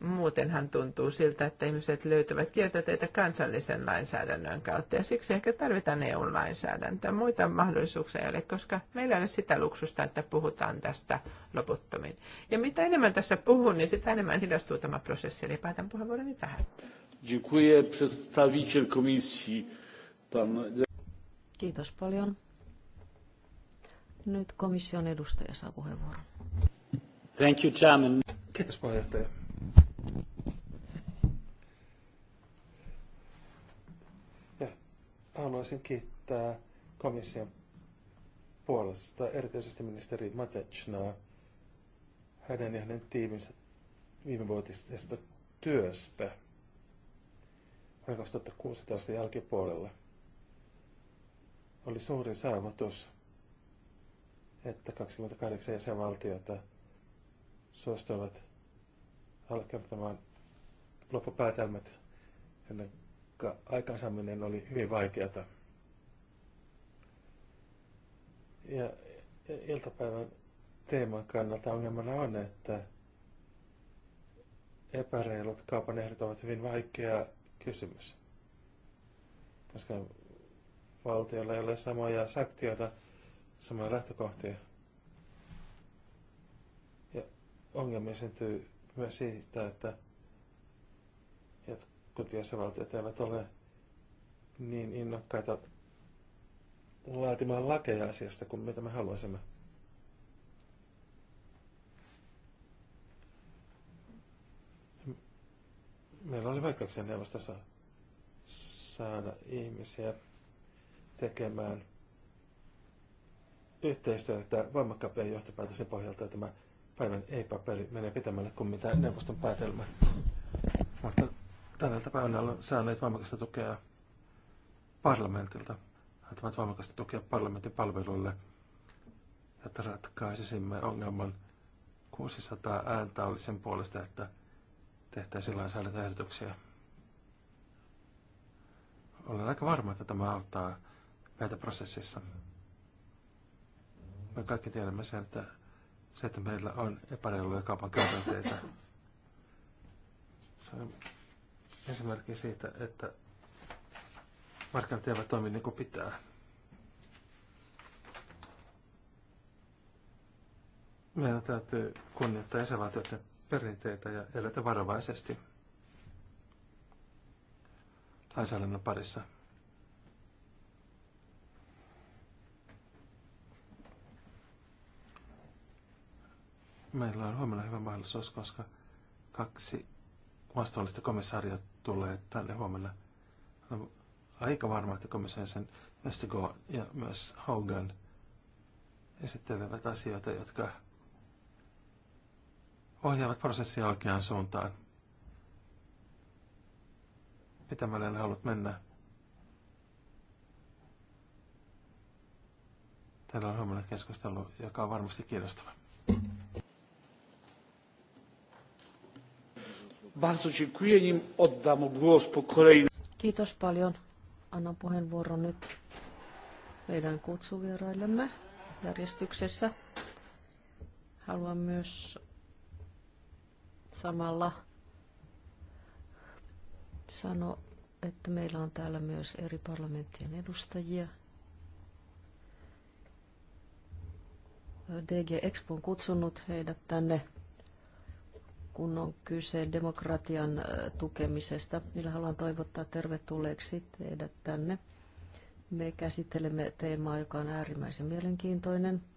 muutenhan tuntuu siltä, että ihmiset löytävät kiertoteitä kansallisen lainsäädännön kautta, ja siksi ehkä tarvitaan EU-lainsäädäntöä. Muita mahdollisuuksia ei ole, koska meillä ei ole sitä luksusta, että puhutaan tästä loputtomiin. Ja mitä enemmän tässä puhun, niin sitä enemmän hidastuu tämä prosessi, eli päätän puheenvuoroni tähän. Dziękuję. Przedstawiciel komisji, pan... Kiitos paljon. Nyt komission edustaja saa puheenvuoron. Thank you, Chairman. Kiitos puheenjohtaja. Ja haluaisin kiittää komission puolesta erityisesti ministeri Matechnaa hänen ja hänen tiiminsä viimevuotisesta työstä – vuoden 2016 jälkipuolella oli suuri saavutus, että 28 jäsenvaltiota suostuivat allekirjoittamaan loppupäätelmät, joiden aikaansaaminen oli hyvin vaikeata. Ja iltapäivän teeman kannalta ongelmana on, että epäreilut kaupan ehdot ovat hyvin vaikea kysymys. Koska valtiolla ei ole samoja sanktioita, samoja lähtökohtia. Ja ongelmia syntyy myös siitä, että jotkut jäsenvaltiot eivät ole niin innokkaita laatimaan lakeja asiasta kuin mitä me haluaisimme. meillä oli vaikeuksia neuvostossa saada ihmisiä tekemään yhteistyötä voimakkaampien johtopäätösten pohjalta. Tämä päivän ei-paperi menee pitämällä kuin mitä neuvoston päätelmä. Mutta tänältä päivänä on saaneet voimakasta tukea parlamentilta. Antavat voimakasta tukea parlamentin palveluille, että ratkaisisimme ongelman 600 ääntä oli sen puolesta, että tehtäisiin lainsäädäntöehdotuksia. Olen aika varma, että tämä auttaa meitä prosessissa. Me kaikki tiedämme sen, että se, että meillä on epäreiluja kaupan käytänteitä, se on esimerkki siitä, että markkinat eivät toimi niin kuin pitää. Meidän täytyy kunnioittaa jäsenvaltioiden perinteitä ja eletä varovaisesti lainsäädännön parissa. Meillä on huomenna hyvä mahdollisuus, koska kaksi vastuullista komissaaria tulee tänne huomenna. Olen no, aika varma, että komissaari sen Vestigo ja myös Hogan esittelevät asioita, jotka ohjaavat prosessia oikeaan suuntaan. Mitä mä en halunnut mennä? Täällä on huomenna keskustelu, joka on varmasti kiinnostava. Kiitos paljon. Annan puheenvuoron nyt meidän kutsuvieraillemme järjestyksessä. Haluan myös samalla sano, että meillä on täällä myös eri parlamenttien edustajia. DG Expo on kutsunut heidät tänne, kun on kyse demokratian äh, tukemisesta. Niillä haluan toivottaa tervetulleeksi teidät tänne. Me käsittelemme teemaa, joka on äärimmäisen mielenkiintoinen –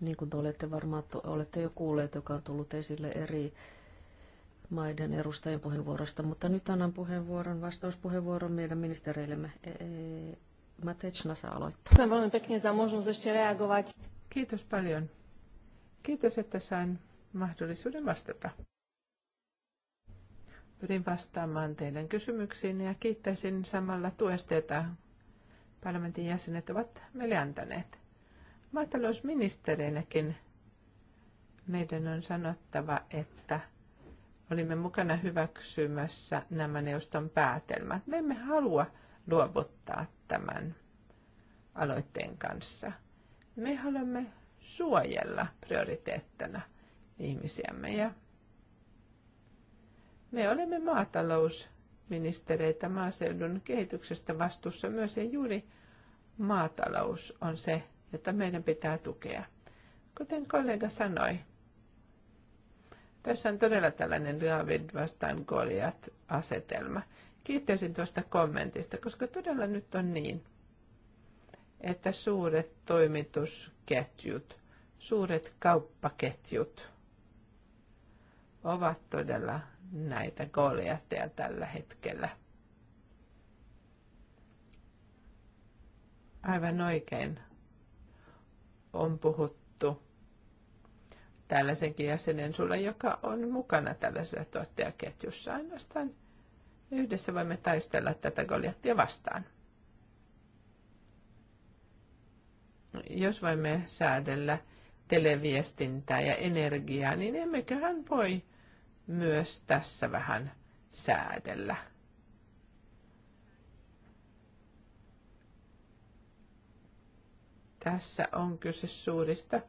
niin kuin te olette varmaan olette jo kuulleet, joka on tullut esille eri maiden edustajien puheenvuorosta. Mutta nyt annan puheenvuoron, vastauspuheenvuoron meidän ministereillemme. E-, e-, Matechna saa aloittaa. Kiitos paljon. Kiitos, että sain mahdollisuuden vastata. Pyrin vastaamaan teidän kysymyksiin ja kiittäisin samalla tuesta, jota parlamentin jäsenet ovat meille antaneet maatalousministerinäkin meidän on sanottava, että olimme mukana hyväksymässä nämä neuvoston päätelmät. Me emme halua luovuttaa tämän aloitteen kanssa. Me haluamme suojella prioriteettina ihmisiämme ja me olemme maatalousministereitä maaseudun kehityksestä vastuussa myös ja juuri maatalous on se jota meidän pitää tukea. Kuten kollega sanoi, tässä on todella tällainen David vastaan Goliat asetelma. Kiittäisin tuosta kommentista, koska todella nyt on niin, että suuret toimitusketjut, suuret kauppaketjut ovat todella näitä Goliatteja tällä hetkellä. Aivan oikein on puhuttu tällaisenkin jäsenen sulle, joka on mukana tällaisessa tuottajaketjussa. Ainoastaan yhdessä voimme taistella tätä Goliattia vastaan. Jos voimme säädellä televiestintää ja energiaa, niin emmeköhän voi myös tässä vähän säädellä. Tässä on kyse suurista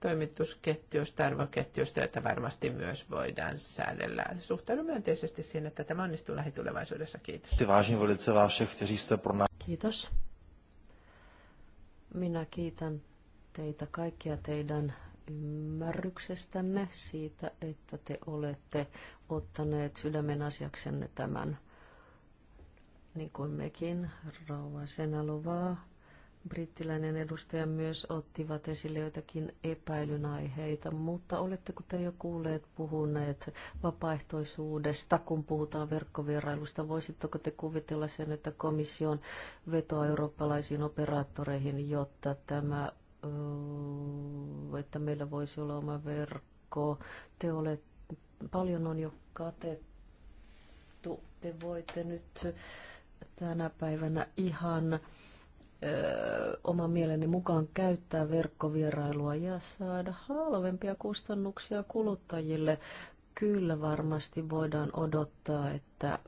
toimitusketjuista, arvoketjuista, joita varmasti myös voidaan säädellä. Suhtaudun myönteisesti siihen, että tämä onnistuu lähitulevaisuudessa. Kiitos. Kiitos. Minä kiitän teitä kaikkia teidän ymmärryksestänne siitä, että te olette ottaneet sydämen asiaksenne tämän, niin kuin mekin, Rauha Senalovaa brittiläinen edustaja myös ottivat esille joitakin epäilyn aiheita, mutta oletteko te jo kuulleet puhuneet vapaaehtoisuudesta, kun puhutaan verkkovierailusta? Voisitteko te kuvitella sen, että komission vetoa eurooppalaisiin operaattoreihin, jotta tämä, että meillä voisi olla oma verkko? Te olet, paljon on jo katettu. Te voitte nyt tänä päivänä ihan oman mieleni mukaan käyttää verkkovierailua ja saada halvempia kustannuksia kuluttajille. Kyllä varmasti voidaan odottaa, että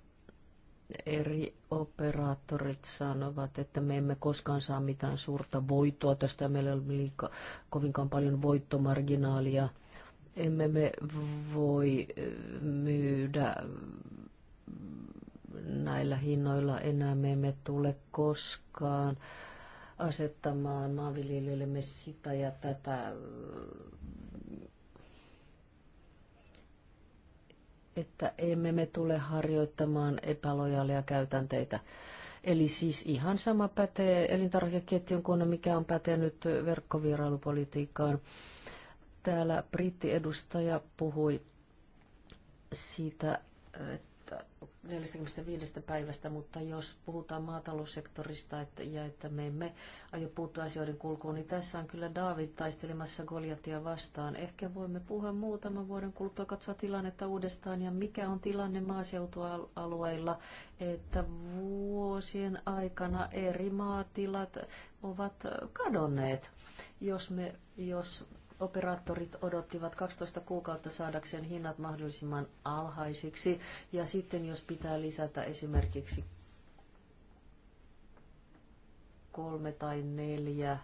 eri operaattorit sanovat, että me emme koskaan saa mitään suurta voittoa tästä, meillä on liika, kovinkaan paljon voittomarginaalia. Emme me voi hinnoilla enää me emme tule koskaan asettamaan maanviljelijöillemme sitä ja tätä, että emme me tule harjoittamaan epälojaalia käytänteitä. Eli siis ihan sama pätee elintarvikeketjun kuin mikä on pätenyt verkkovierailupolitiikkaan. Täällä brittiedustaja puhui siitä, että 45 päivästä, mutta jos puhutaan maataloussektorista että, ja että me emme aio puuttua asioiden kulkuun, niin tässä on kyllä David taistelemassa Goliatia vastaan. Ehkä voimme puhua muutaman vuoden kuluttua, katsoa tilannetta uudestaan ja mikä on tilanne maaseutualueilla, että vuosien aikana eri maatilat ovat kadonneet. Jos, me, jos operaattorit odottivat 12 kuukautta saadakseen hinnat mahdollisimman alhaisiksi. Ja sitten jos pitää lisätä esimerkiksi kolme tai neljä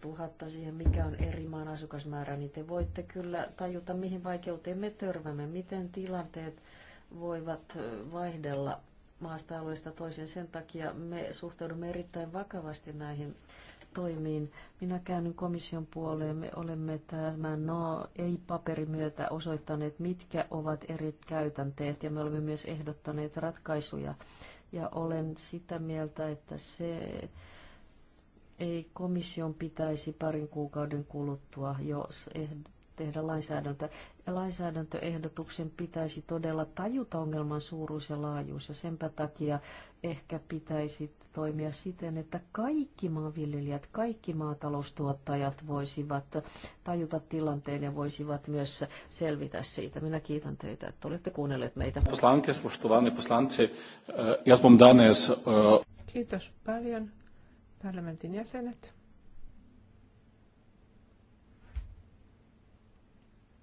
tuhatta siihen, mikä on eri maan asukasmäärä, niin te voitte kyllä tajuta, mihin vaikeuteen me törmämme, miten tilanteet voivat vaihdella maasta alueesta toiseen. Sen takia me suhtaudumme erittäin vakavasti näihin toimiin. Minä käännyn komission puoleen. Me olemme tämän no, ei-paperin myötä osoittaneet, mitkä ovat eri käytänteet ja me olemme myös ehdottaneet ratkaisuja. Ja olen sitä mieltä, että se ei komission pitäisi parin kuukauden kuluttua, jos eh-, tehdä lainsäädäntö. Lainsäädäntöehdotuksen pitäisi todella tajuta ongelman suuruus ja laajuus ja senpä takia ehkä pitäisi toimia siten, että kaikki maanviljelijät, kaikki maataloustuottajat voisivat tajuta tilanteen ja voisivat myös selvitä siitä. Minä kiitän teitä, että olette kuunnelleet meitä. Eh, eh, Kiitos paljon parlamentin jäsenet.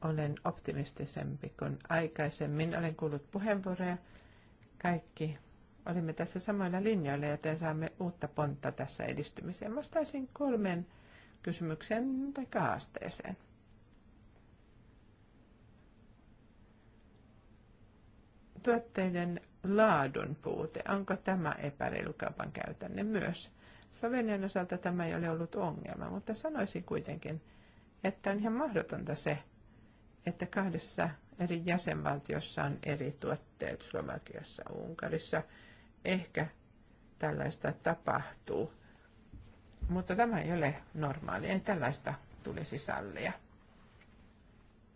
Olen optimistisempi kuin aikaisemmin. Olen kuullut puheenvuoroja. Kaikki olimme tässä samoilla linjoilla, joten saamme uutta pontta tässä edistymiseen. Vastaisin kolmen kysymykseen tai haasteeseen. Tuotteiden laadun puute, onko tämä epäreilukaupan käytänne myös? Slovenian osalta tämä ei ole ollut ongelma, mutta sanoisin kuitenkin, että on ihan mahdotonta se, että kahdessa eri jäsenvaltiossa on eri tuotteet, Slovakiassa, Unkarissa – ehkä tällaista tapahtuu. Mutta tämä ei ole normaali, ei tällaista tulisi sallia.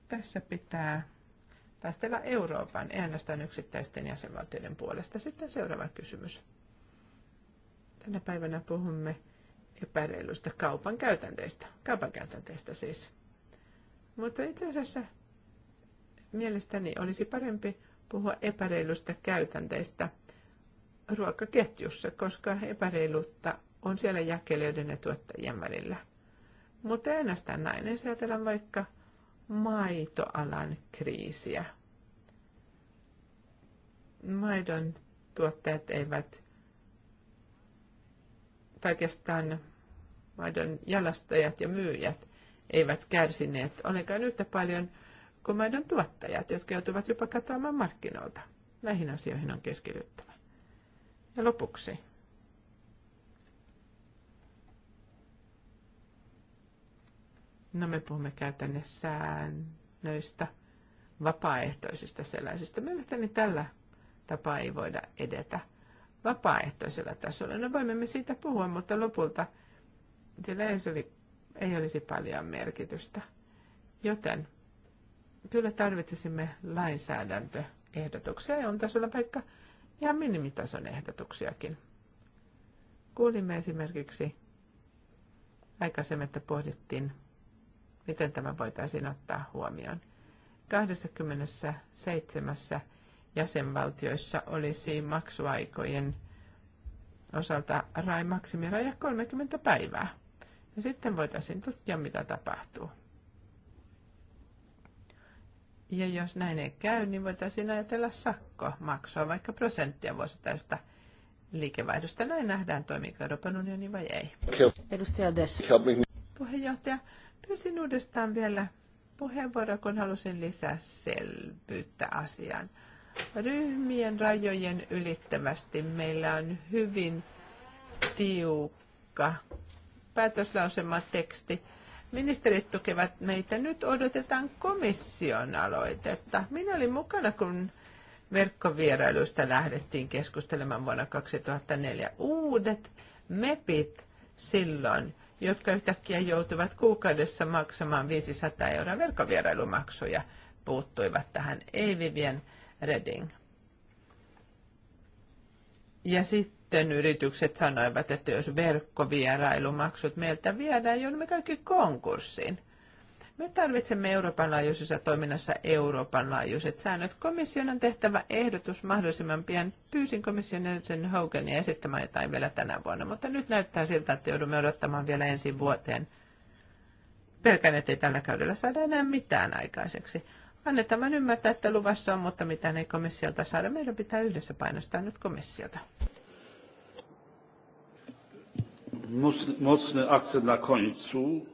Tässä pitää taistella Euroopan, ei ainoastaan yksittäisten jäsenvaltioiden puolesta. Sitten seuraava kysymys. Tänä päivänä puhumme epäreiluista kaupan käytänteistä. Kaupan käytänteistä siis. Mutta itse asiassa mielestäni olisi parempi puhua epäreiluista käytänteistä – ruokaketjussa, koska epäreiluutta on siellä jakelijoiden ja tuottajien välillä. Mutta ei ainoastaan näin, jos ajatellaan vaikka maitoalan kriisiä. Maidon tuottajat eivät, tai oikeastaan maidon jalastajat ja myyjät eivät kärsineet olekaan yhtä paljon kuin maidon tuottajat, jotka joutuvat jopa katoamaan markkinoilta. Näihin asioihin on keskityttävä. Ja lopuksi. No me puhumme käytännössä säännöistä, vapaaehtoisista sellaisista. Mielestäni tällä tapaa ei voida edetä vapaaehtoisella tasolla. No voimme me siitä puhua, mutta lopulta sillä ei olisi, ei olisi paljon merkitystä. Joten kyllä tarvitsisimme lainsäädäntöehdotuksia on tasolla vaikka ja minimitason ehdotuksiakin. Kuulimme esimerkiksi aikaisemmin, että pohdittiin, miten tämä voitaisiin ottaa huomioon. 27 jäsenvaltioissa olisi maksuaikojen osalta rai maksimiraja 30 päivää. Ja sitten voitaisiin tutkia, mitä tapahtuu. Ja jos näin ei käy, niin voitaisiin ajatella maksua vaikka prosenttia vuosittaista liikevaihdosta. Näin nähdään, toimiiko Euroopan unioni vai ei. Edustaja Des. Puheenjohtaja, pyysin uudestaan vielä puheenvuoroa, kun halusin lisää selvyyttä asiaan. Ryhmien rajojen ylittävästi meillä on hyvin tiukka päätöslausema teksti Ministerit tukevat meitä. Nyt odotetaan komission aloitetta. Minä olin mukana, kun verkkovierailuista lähdettiin keskustelemaan vuonna 2004. Uudet MEPit silloin, jotka yhtäkkiä joutuvat kuukaudessa maksamaan 500 euroa verkkovierailumaksuja, puuttuivat tähän. Eivivien Reding. Ja sitten sitten yritykset sanoivat, että jos verkkovierailumaksut meiltä viedään, joudumme kaikki konkurssiin. Me tarvitsemme Euroopan laajuisessa toiminnassa Euroopan laajuiset säännöt. Komission on tehtävä ehdotus mahdollisimman pian. Pyysin komission sen Hogania esittämään jotain vielä tänä vuonna, mutta nyt näyttää siltä, että joudumme odottamaan vielä ensi vuoteen. Pelkään, että ei tällä kaudella saada enää mitään aikaiseksi. Annetaan ymmärtää, että luvassa on, mutta mitään ei komissiolta saada. Meidän pitää yhdessä painostaa nyt komissiota mocny, akcent na końcu,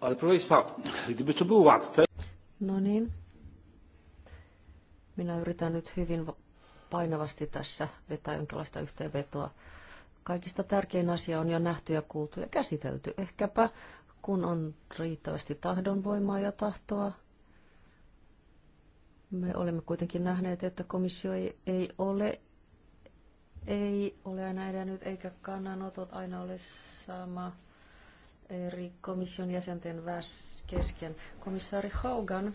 ale proszę Państwa, gdyby to było łatwe... No niin. Minä yritän nyt hyvin painavasti tässä vetää jonkinlaista yhteenvetoa. Kaikista tärkein asia on jo nähty ja kuultu ja käsitelty. Ehkäpä kun on riittävästi tahdonvoimaa ja tahtoa. Me olemme kuitenkin nähneet, että komissio ei, ei ole ei ole aina edennyt eikä kannanotot aina ole sama eri komission jäsenten kesken. Komissaari Haugan,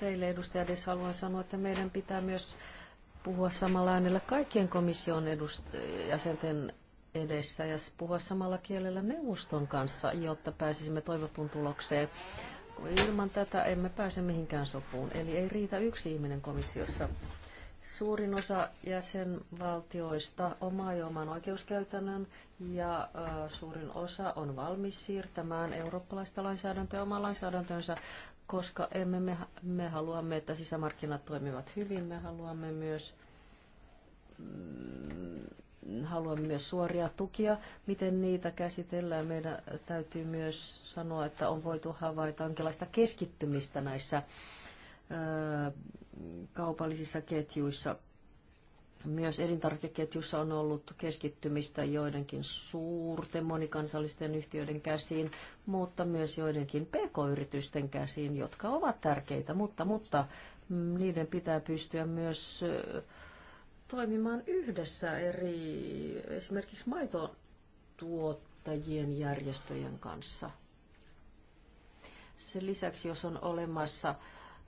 teille edustaja edes haluan sanoa, että meidän pitää myös puhua samalla äänellä kaikkien komission edust- jäsenten edessä ja puhua samalla kielellä neuvoston kanssa, jotta pääsisimme toivottuun tulokseen. Ilman tätä emme pääse mihinkään sopuun. Eli ei riitä yksi ihminen komissiossa Suurin osa jäsenvaltioista omaa jo oman oikeuskäytännön ja suurin osa on valmis siirtämään eurooppalaista lainsäädäntöä omaan lainsäädäntönsä, koska emme me, me haluamme, että sisämarkkinat toimivat hyvin. Me haluamme myös mm, haluamme myös suoria tukia, miten niitä käsitellään. Meidän täytyy myös sanoa, että on voitu havaita jonkinlaista keskittymistä näissä kaupallisissa ketjuissa, myös elintarvikeketjussa on ollut keskittymistä joidenkin suurten monikansallisten yhtiöiden käsiin, mutta myös joidenkin pk-yritysten käsiin, jotka ovat tärkeitä, mutta, mutta niiden pitää pystyä myös toimimaan yhdessä eri esimerkiksi maitotuottajien järjestöjen kanssa. Sen lisäksi, jos on olemassa äh,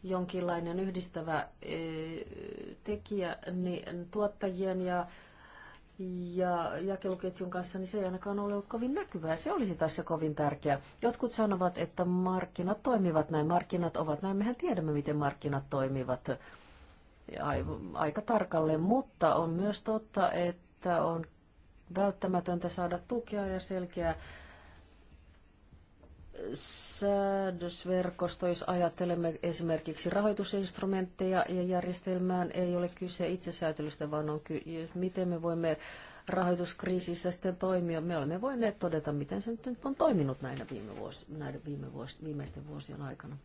jonkinlainen yhdistävä e, tekijä niin tuottajien ja ja jakeluketjun kanssa, niin se ei ainakaan ole ollut kovin näkyvää. Se olisi tässä kovin tärkeää. Jotkut sanovat, että markkinat toimivat näin, markkinat ovat näin. Mehän tiedämme, miten markkinat toimivat aika tarkalleen, mutta on myös totta, että on välttämätöntä saada tukea ja selkeää säädösverkosto, jos ajattelemme esimerkiksi rahoitusinstrumentteja ja järjestelmään, ei ole kyse itsesäätelystä, vaan on ky- miten me voimme rahoituskriisissä sitten toimia. Me olemme voineet todeta, miten se nyt on toiminut näinä viime vuos- näiden viime vuos- viimeisten vuosien aikana.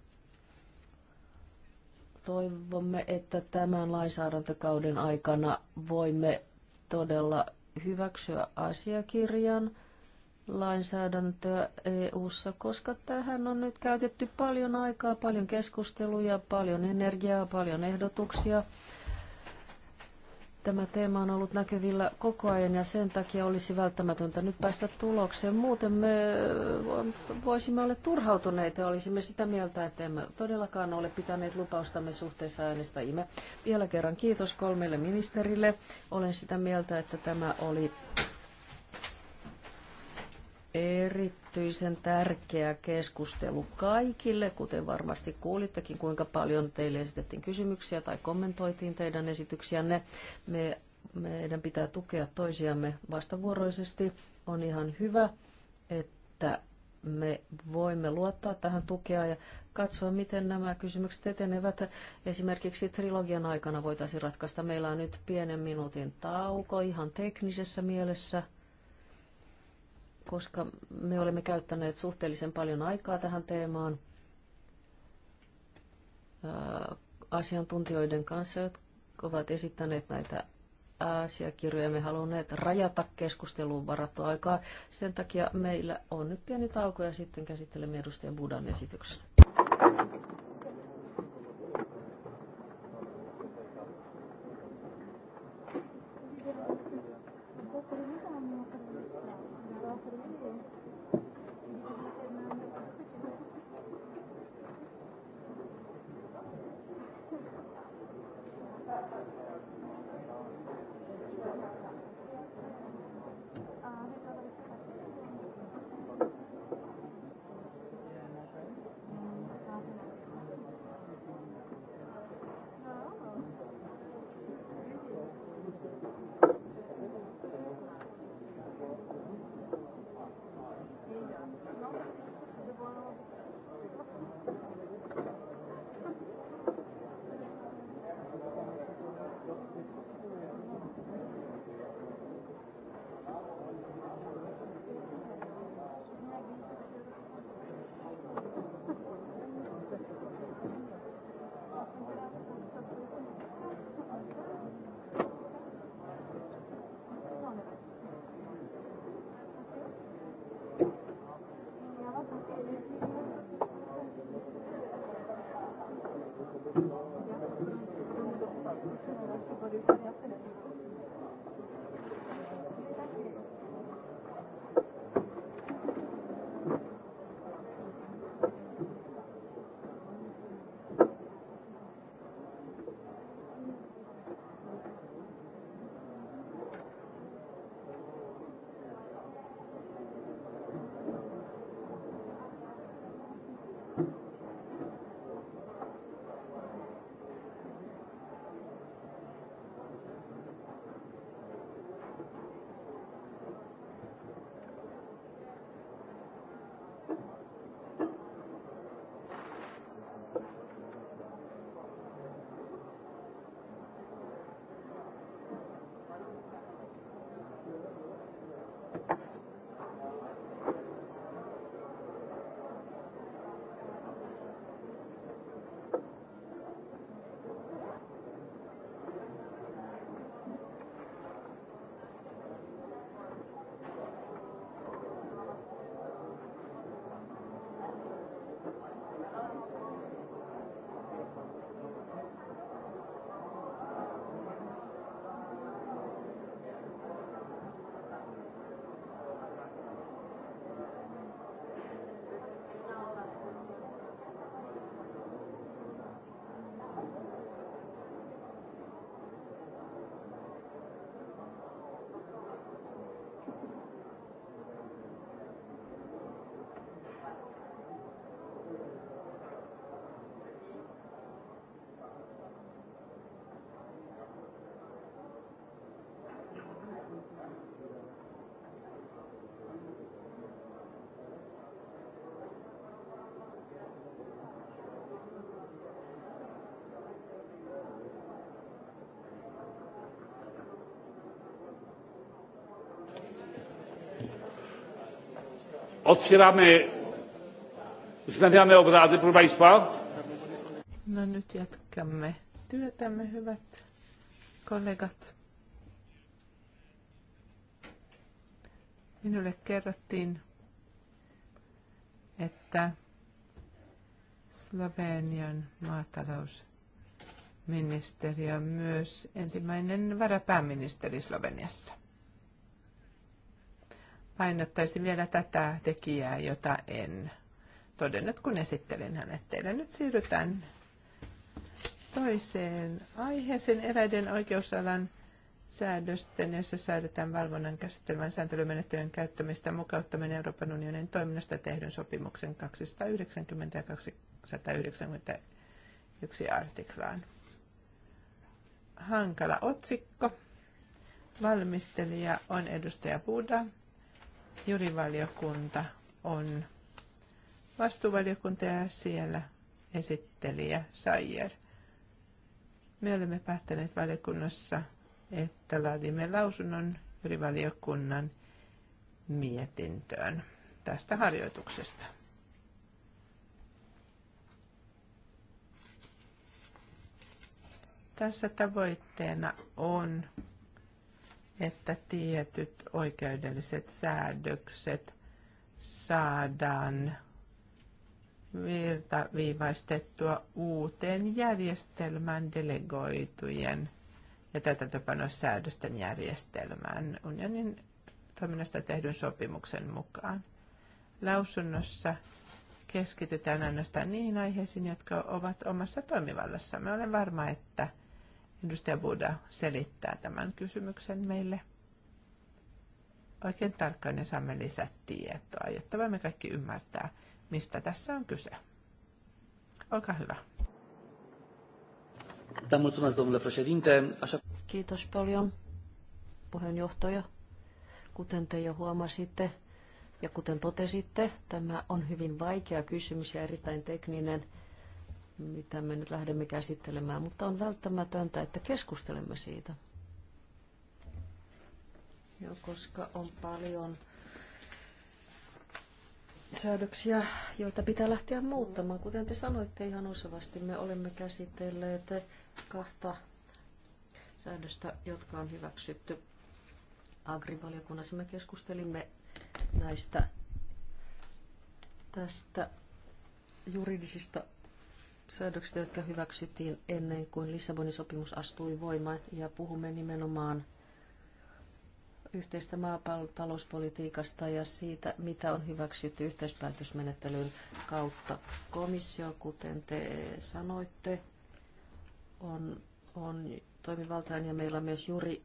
Toivomme, että tämän lainsäädäntökauden aikana voimme todella hyväksyä asiakirjan – lainsäädäntöä EU-ssa, koska tähän on nyt käytetty paljon aikaa, paljon keskusteluja, paljon energiaa, paljon ehdotuksia. Tämä teema on ollut näkyvillä koko ajan ja sen takia olisi välttämätöntä nyt päästä tulokseen. Muuten me äh, voisimme olla turhautuneita ja olisimme sitä mieltä, että emme todellakaan ole pitäneet lupaustamme suhteessa äänestäjimme. Vielä kerran kiitos kolmelle ministerille. Olen sitä mieltä, että tämä oli erityisen tärkeä keskustelu kaikille, kuten varmasti kuulittekin, kuinka paljon teille esitettiin kysymyksiä tai kommentoitiin teidän esityksiänne. Me, meidän pitää tukea toisiamme vastavuoroisesti. On ihan hyvä, että me voimme luottaa tähän tukea ja katsoa, miten nämä kysymykset etenevät. Esimerkiksi trilogian aikana voitaisiin ratkaista. Meillä on nyt pienen minuutin tauko ihan teknisessä mielessä – koska me olemme käyttäneet suhteellisen paljon aikaa tähän teemaan asiantuntijoiden kanssa, jotka ovat esittäneet näitä asiakirjoja. Me halunneet rajata keskusteluun varattua aikaa. Sen takia meillä on nyt pieni tauko ja sitten käsittelemme edustajan Budan esityksen. Otwieramy wznawiamy obrady, proszę Państwa. No nyt jatkamme työtämme, hyvät kollegat. Minulle kerrottiin, että Slovenian maatalousministeri on myös ensimmäinen varapääministeri Sloveniassa painottaisin vielä tätä tekijää, jota en todennut, kun esittelin hänet teille. Nyt siirrytään toiseen aiheeseen eräiden oikeusalan säädösten, jossa säädetään valvonnan käsittelevän sääntelymenettelyn käyttämistä mukauttaminen Euroopan unionin toiminnasta tehdyn sopimuksen 290 ja 291 artiklaan. Hankala otsikko. Valmistelija on edustaja Buda. Jurivaliokunta on vastuuvaliokunta ja siellä esittelijä Sayer. Me olemme päättäneet valiokunnassa, että laadimme lausunnon jurivaliokunnan mietintöön tästä harjoituksesta. Tässä tavoitteena on että tietyt oikeudelliset säädökset saadaan virtaviivaistettua uuteen järjestelmään delegoitujen ja täytäntöpanossäädösten järjestelmään unionin toiminnasta tehdyn sopimuksen mukaan. Lausunnossa keskitytään ainoastaan niihin aiheisiin, jotka ovat omassa toimivallassamme. Olen varma, että – Edustaja Buda selittää tämän kysymyksen meille oikein tarkkaan ja saamme lisätietoa, jotta voimme kaikki ymmärtää, mistä tässä on kyse. Olkaa hyvä. Kiitos paljon, puheenjohtaja. Kuten te jo huomasitte ja kuten totesitte, tämä on hyvin vaikea kysymys ja erittäin tekninen – mitä me nyt lähdemme käsittelemään, mutta on välttämätöntä, että keskustelemme siitä. Joo, koska on paljon säädöksiä, joita pitää lähteä muuttamaan. Kuten te sanoitte ihan osavasti, me olemme käsitelleet kahta säädöstä, jotka on hyväksytty agrivaliokunnassa. Me keskustelimme näistä tästä juridisista säädökset, jotka hyväksyttiin ennen kuin Lissabonin sopimus astui voimaan, ja puhumme nimenomaan yhteistä maapallotalouspolitiikasta ja siitä, mitä on hyväksytty yhteispäätösmenettelyn kautta. Komissio, kuten te sanoitte, on, on toimivaltainen ja meillä on myös juuri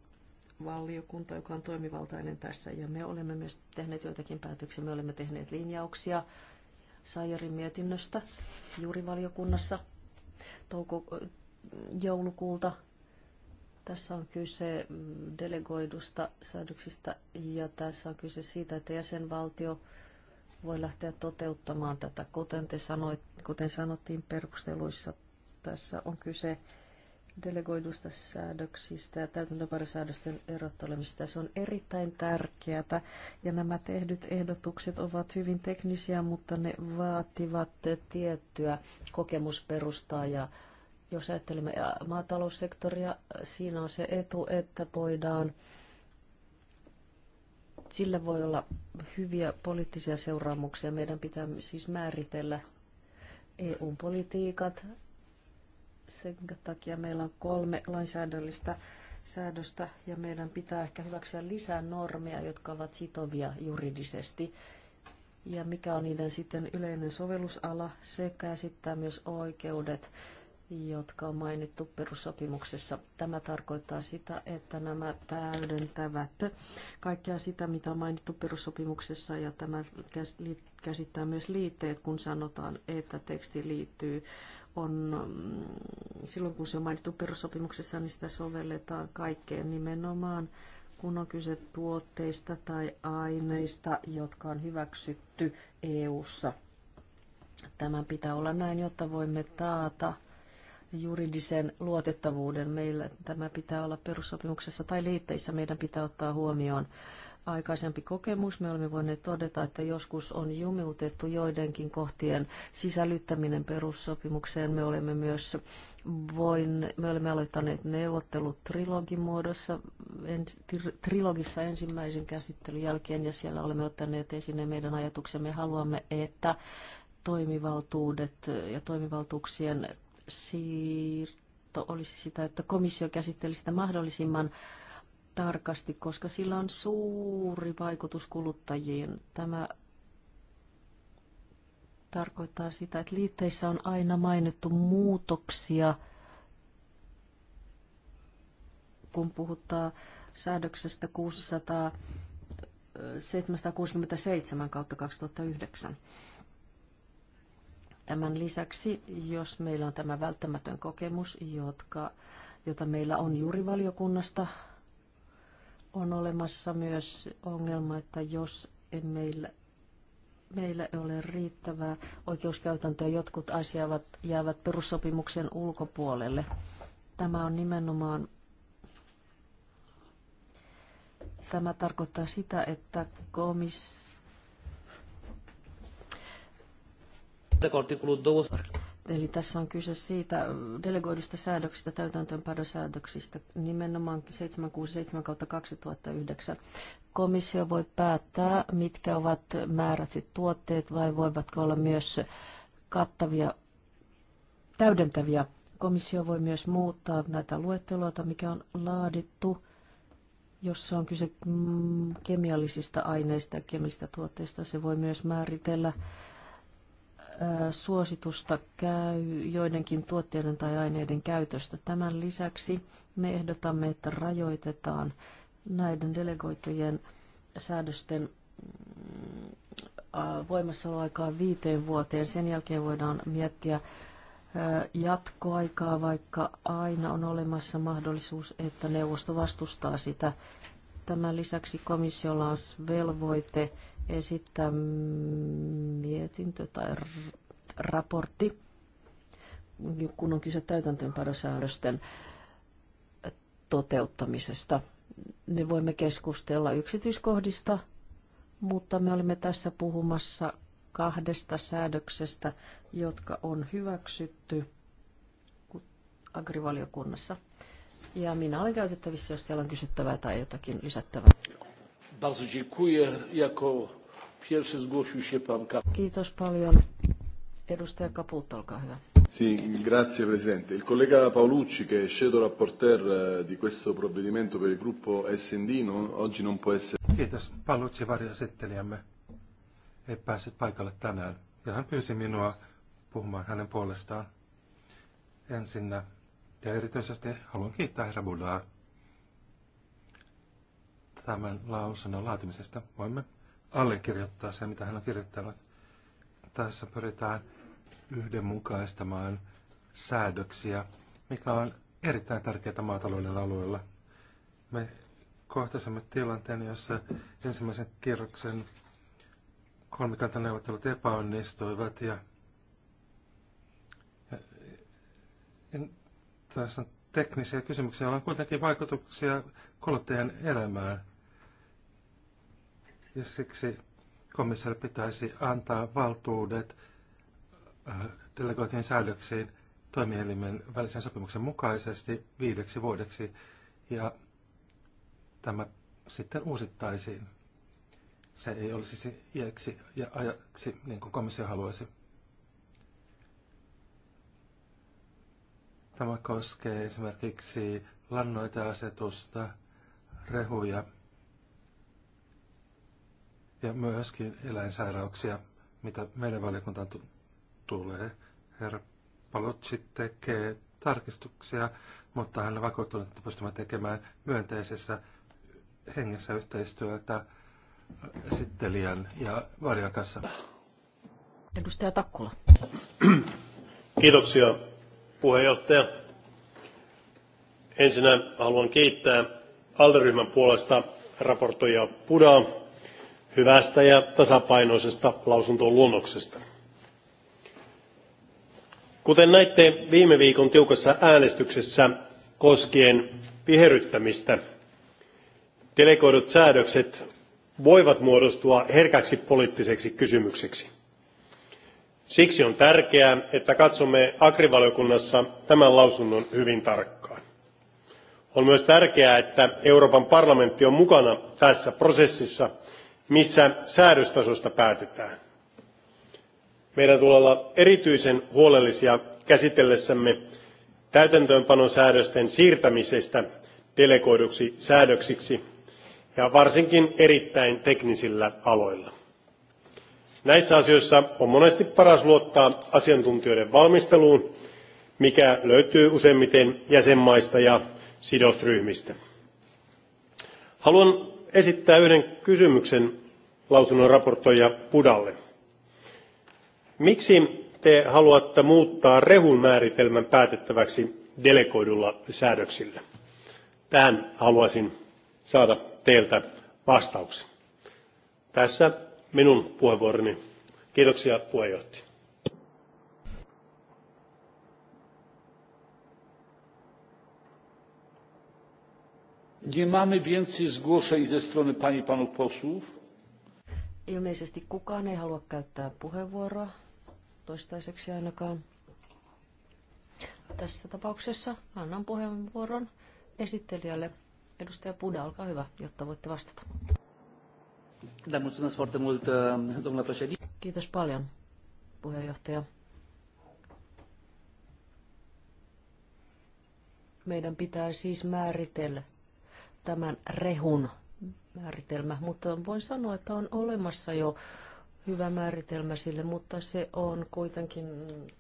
valiokunta, joka on toimivaltainen tässä. Ja me olemme myös tehneet joitakin päätöksiä, me olemme tehneet linjauksia Sajerin mietinnöstä juurivaliokunnassa touko- joulukuulta. Tässä on kyse mm, delegoidusta säädöksistä ja tässä on kyse siitä, että jäsenvaltio voi lähteä toteuttamaan tätä, kuten, te sanoit, kuten sanottiin perusteluissa. Tässä on kyse delegoidusta säädöksistä ja täytäntöparisäädösten erottelemista. Se on erittäin tärkeää ja nämä tehdyt ehdotukset ovat hyvin teknisiä, mutta ne vaativat tiettyä kokemusperustaa ja jos ajattelemme maataloussektoria, siinä on se etu, että voidaan sillä voi olla hyviä poliittisia seuraamuksia. Meidän pitää siis määritellä eu politiikat, sen takia meillä on kolme lainsäädännöllistä säädöstä ja meidän pitää ehkä hyväksyä lisää normeja, jotka ovat sitovia juridisesti. Ja mikä on niiden sitten yleinen sovellusala, sekä sitten myös oikeudet, jotka on mainittu perussopimuksessa. Tämä tarkoittaa sitä, että nämä täydentävät kaikkea sitä, mitä on mainittu perussopimuksessa ja tämä käsittää myös liitteet, kun sanotaan, että teksti liittyy on, mm, silloin kun se on mainittu perussopimuksessa, niin sitä sovelletaan kaikkeen nimenomaan, kun on kyse tuotteista tai aineista, jotka on hyväksytty EU-ssa. Tämän pitää olla näin, jotta voimme taata juridisen luotettavuuden. Meillä tämä pitää olla perussopimuksessa tai liitteissä. Meidän pitää ottaa huomioon aikaisempi kokemus. Me olemme voineet todeta, että joskus on jumiutettu joidenkin kohtien sisällyttäminen perussopimukseen. Me olemme myös voin, me olemme aloittaneet neuvottelut trilogimuodossa, muodossa, en, trilogissa ensimmäisen käsittelyn jälkeen, ja siellä olemme ottaneet esille meidän ajatuksemme. Haluamme, että toimivaltuudet ja toimivaltuuksien siirto olisi sitä, että komissio käsittelisi sitä mahdollisimman tarkasti, koska sillä on suuri vaikutus kuluttajiin. Tämä tarkoittaa sitä, että liitteissä on aina mainittu muutoksia, kun puhutaan säädöksestä 600 767 kautta 2009. Tämän lisäksi, jos meillä on tämä välttämätön kokemus, jotka, jota meillä on valiokunnasta, on olemassa myös ongelma, että jos meillä, meillä ei ole riittävää oikeuskäytäntöä, jotkut asiat jäävät perussopimuksen ulkopuolelle. Tämä on nimenomaan Tämä tarkoittaa sitä, että komissio... Eli tässä on kyse siitä delegoidusta säädöksistä, täytäntöönpäädösäädöksistä, nimenomaan 767-2009. Komissio voi päättää, mitkä ovat määrätyt tuotteet vai voivatko olla myös kattavia, täydentäviä. Komissio voi myös muuttaa näitä luetteloita, mikä on laadittu jossa on kyse mm, kemiallisista aineista ja kemistä tuotteista. Se voi myös määritellä suositusta käy joidenkin tuotteiden tai aineiden käytöstä. Tämän lisäksi me ehdotamme, että rajoitetaan näiden delegoitujen säädösten mm, voimassaoloaikaa viiteen vuoteen. Sen jälkeen voidaan miettiä jatkoaikaa, vaikka aina on olemassa mahdollisuus, että neuvosto vastustaa sitä. Tämän lisäksi komissiolla on velvoite esittää mietintö tai raportti, kun on kyse täytäntöönpanosäännösten toteuttamisesta. Me voimme keskustella yksityiskohdista, mutta me olimme tässä puhumassa kahdesta säädöksestä, jotka on hyväksytty agrivaliokunnassa. Ja minä olen käytettävissä, jos teillä on kysyttävää tai jotakin lisättävää. Bardzo dziękuję. Jako pierwszy zgłosił się pan Kiitos paljon. Edustaja Caputo, olkaa hyvä. Sì, grazie Presidente. Il collega Paolucci, che è shadow rapporteur eh, di questo provvedimento per il gruppo SD, non, oggi non può essere... Kiitos. Paolucci varjoesittelijämme ei päässyt paikalle tänään ja hän pyysi minua puhumaan hänen puolestaan. Ensinnä ja erityisesti haluan kiittää herra Bullaa tämän lausunnon laatimisesta. Voimme allekirjoittaa sen, mitä hän on kirjoittanut. Tässä pyritään yhdenmukaistamaan säädöksiä, mikä on erittäin tärkeää maatalouden alueella. Me kohtasimme tilanteen, jossa ensimmäisen kierroksen kolmikantaneuvottelut epäonnistuivat ja, ja tässä on teknisiä kysymyksiä, joilla on kuitenkin vaikutuksia kuluttajan elämään. Ja siksi komissaari pitäisi antaa valtuudet äh, delegoitujen säädöksiin toimielimen välisen sopimuksen mukaisesti viideksi vuodeksi ja tämä sitten uusittaisiin. Se ei olisi iäksi ja ajaksi, niin kuin komissio haluaisi. Tämä koskee esimerkiksi lannoiteasetusta, rehuja ja myöskin eläinsairauksia, mitä meidän valiokuntaan tulee. Herra Palocci tekee tarkistuksia, mutta hän on vakuuttunut, että pystymme tekemään myönteisessä hengessä yhteistyötä esittelijän ja varjan kanssa. Edustaja Takkula. Kiitoksia puheenjohtaja. Ensinnä haluan kiittää alderyhmän puolesta raportoija Pudaa hyvästä ja tasapainoisesta lausuntoluonnoksesta. Kuten näitte viime viikon tiukassa äänestyksessä koskien viherryttämistä, delegoidut säädökset voivat muodostua herkäksi poliittiseksi kysymykseksi. Siksi on tärkeää, että katsomme agrivaliokunnassa tämän lausunnon hyvin tarkkaan. On myös tärkeää, että Euroopan parlamentti on mukana tässä prosessissa – missä säädöstasosta päätetään. Meidän tulee olla erityisen huolellisia käsitellessämme täytäntöönpanosäädösten siirtämisestä delegoiduksi säädöksiksi ja varsinkin erittäin teknisillä aloilla. Näissä asioissa on monesti paras luottaa asiantuntijoiden valmisteluun, mikä löytyy useimmiten jäsenmaista ja sidosryhmistä. Haluan esittää yhden kysymyksen lausunnon raportoija Pudalle. Miksi te haluatte muuttaa rehun määritelmän päätettäväksi delegoidulla säädöksillä? Tähän haluaisin saada teiltä vastauksen. Tässä minun puheenvuoroni. Kiitoksia puheenjohtaja. Nie mamy więcej zgłoszeń ze strony pani panów posłów. Ilmeisesti kukaan ei halua käyttää puheenvuoroa, toistaiseksi ainakaan. Tässä tapauksessa annan puheenvuoron esittelijälle. Edustaja Puda, olkaa hyvä, jotta voitte vastata. Kiitos paljon, puheenjohtaja. Meidän pitää siis määritellä tämän rehun määritelmä, mutta voin sanoa, että on olemassa jo hyvä määritelmä sille, mutta se on kuitenkin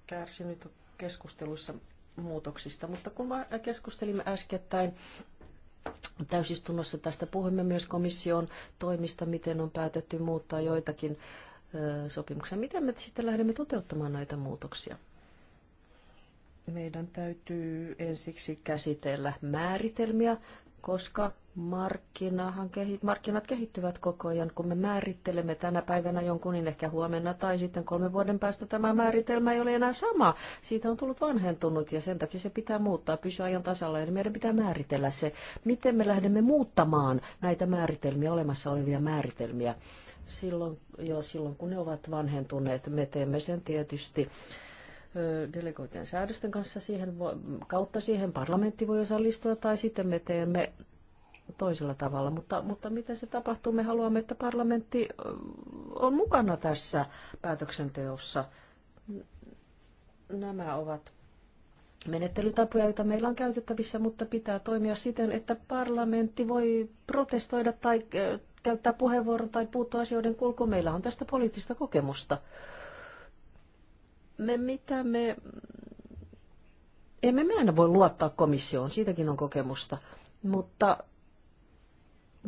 kärsinyt keskusteluissa muutoksista. Mutta kun keskustelimme äskettäin täysistunnossa tästä, puhuimme myös komission toimista, miten on päätetty muuttaa joitakin sopimuksia. Miten me sitten lähdemme toteuttamaan näitä muutoksia? Meidän täytyy ensiksi käsitellä määritelmiä koska markkinahan, markkinat kehittyvät koko ajan. Kun me määrittelemme tänä päivänä jonkun, niin ehkä huomenna tai sitten kolmen vuoden päästä tämä määritelmä ei ole enää sama. Siitä on tullut vanhentunut ja sen takia se pitää muuttaa, pysyä ajan tasalla Eli meidän pitää määritellä se, miten me lähdemme muuttamaan näitä määritelmiä, olemassa olevia määritelmiä. Silloin, jo silloin kun ne ovat vanhentuneet, me teemme sen tietysti delegoitujen säädösten kanssa siihen, kautta siihen parlamentti voi osallistua tai sitten me teemme toisella tavalla. Mutta, mutta miten se tapahtuu? Me haluamme, että parlamentti on mukana tässä päätöksenteossa. Nämä ovat menettelytapoja, joita meillä on käytettävissä, mutta pitää toimia siten, että parlamentti voi protestoida tai käyttää puheenvuoron tai puuttua asioiden kulkuun. Meillä on tästä poliittista kokemusta me mitä me... Emme me aina voi luottaa komissioon, siitäkin on kokemusta, mutta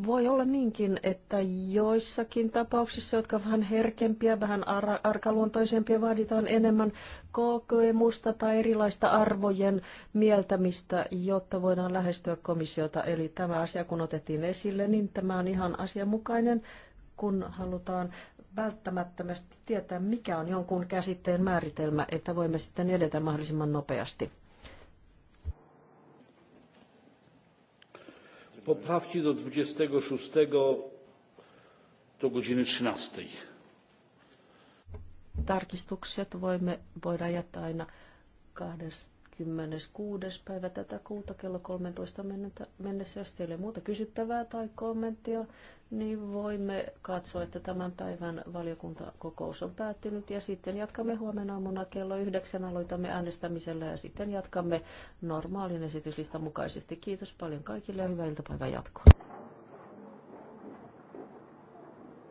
voi olla niinkin, että joissakin tapauksissa, jotka vähän herkempiä, vähän ar- arkaluontoisempia, vaaditaan enemmän kokemusta tai erilaista arvojen mieltämistä, jotta voidaan lähestyä komissiota. Eli tämä asia, kun otettiin esille, niin tämä on ihan asianmukainen, kun halutaan välttämättömästi tietää, mikä on jonkun käsitteen määritelmä, että voimme sitten edetä mahdollisimman nopeasti. Poprawki do 26 do godziny 13. Tarkistukset voimme, voidaan jättää aina kahdesta 26. päivä tätä kuuta kello 13 mennessä. Jos teille muuta kysyttävää tai kommenttia, niin voimme katsoa, että tämän päivän valiokuntakokous on päättynyt ja sitten jatkamme huomenna aamuna kello 9 aloitamme äänestämisellä ja sitten jatkamme normaalin esityslistan mukaisesti. Kiitos paljon kaikille ja hyvää iltapäivän jatkoa.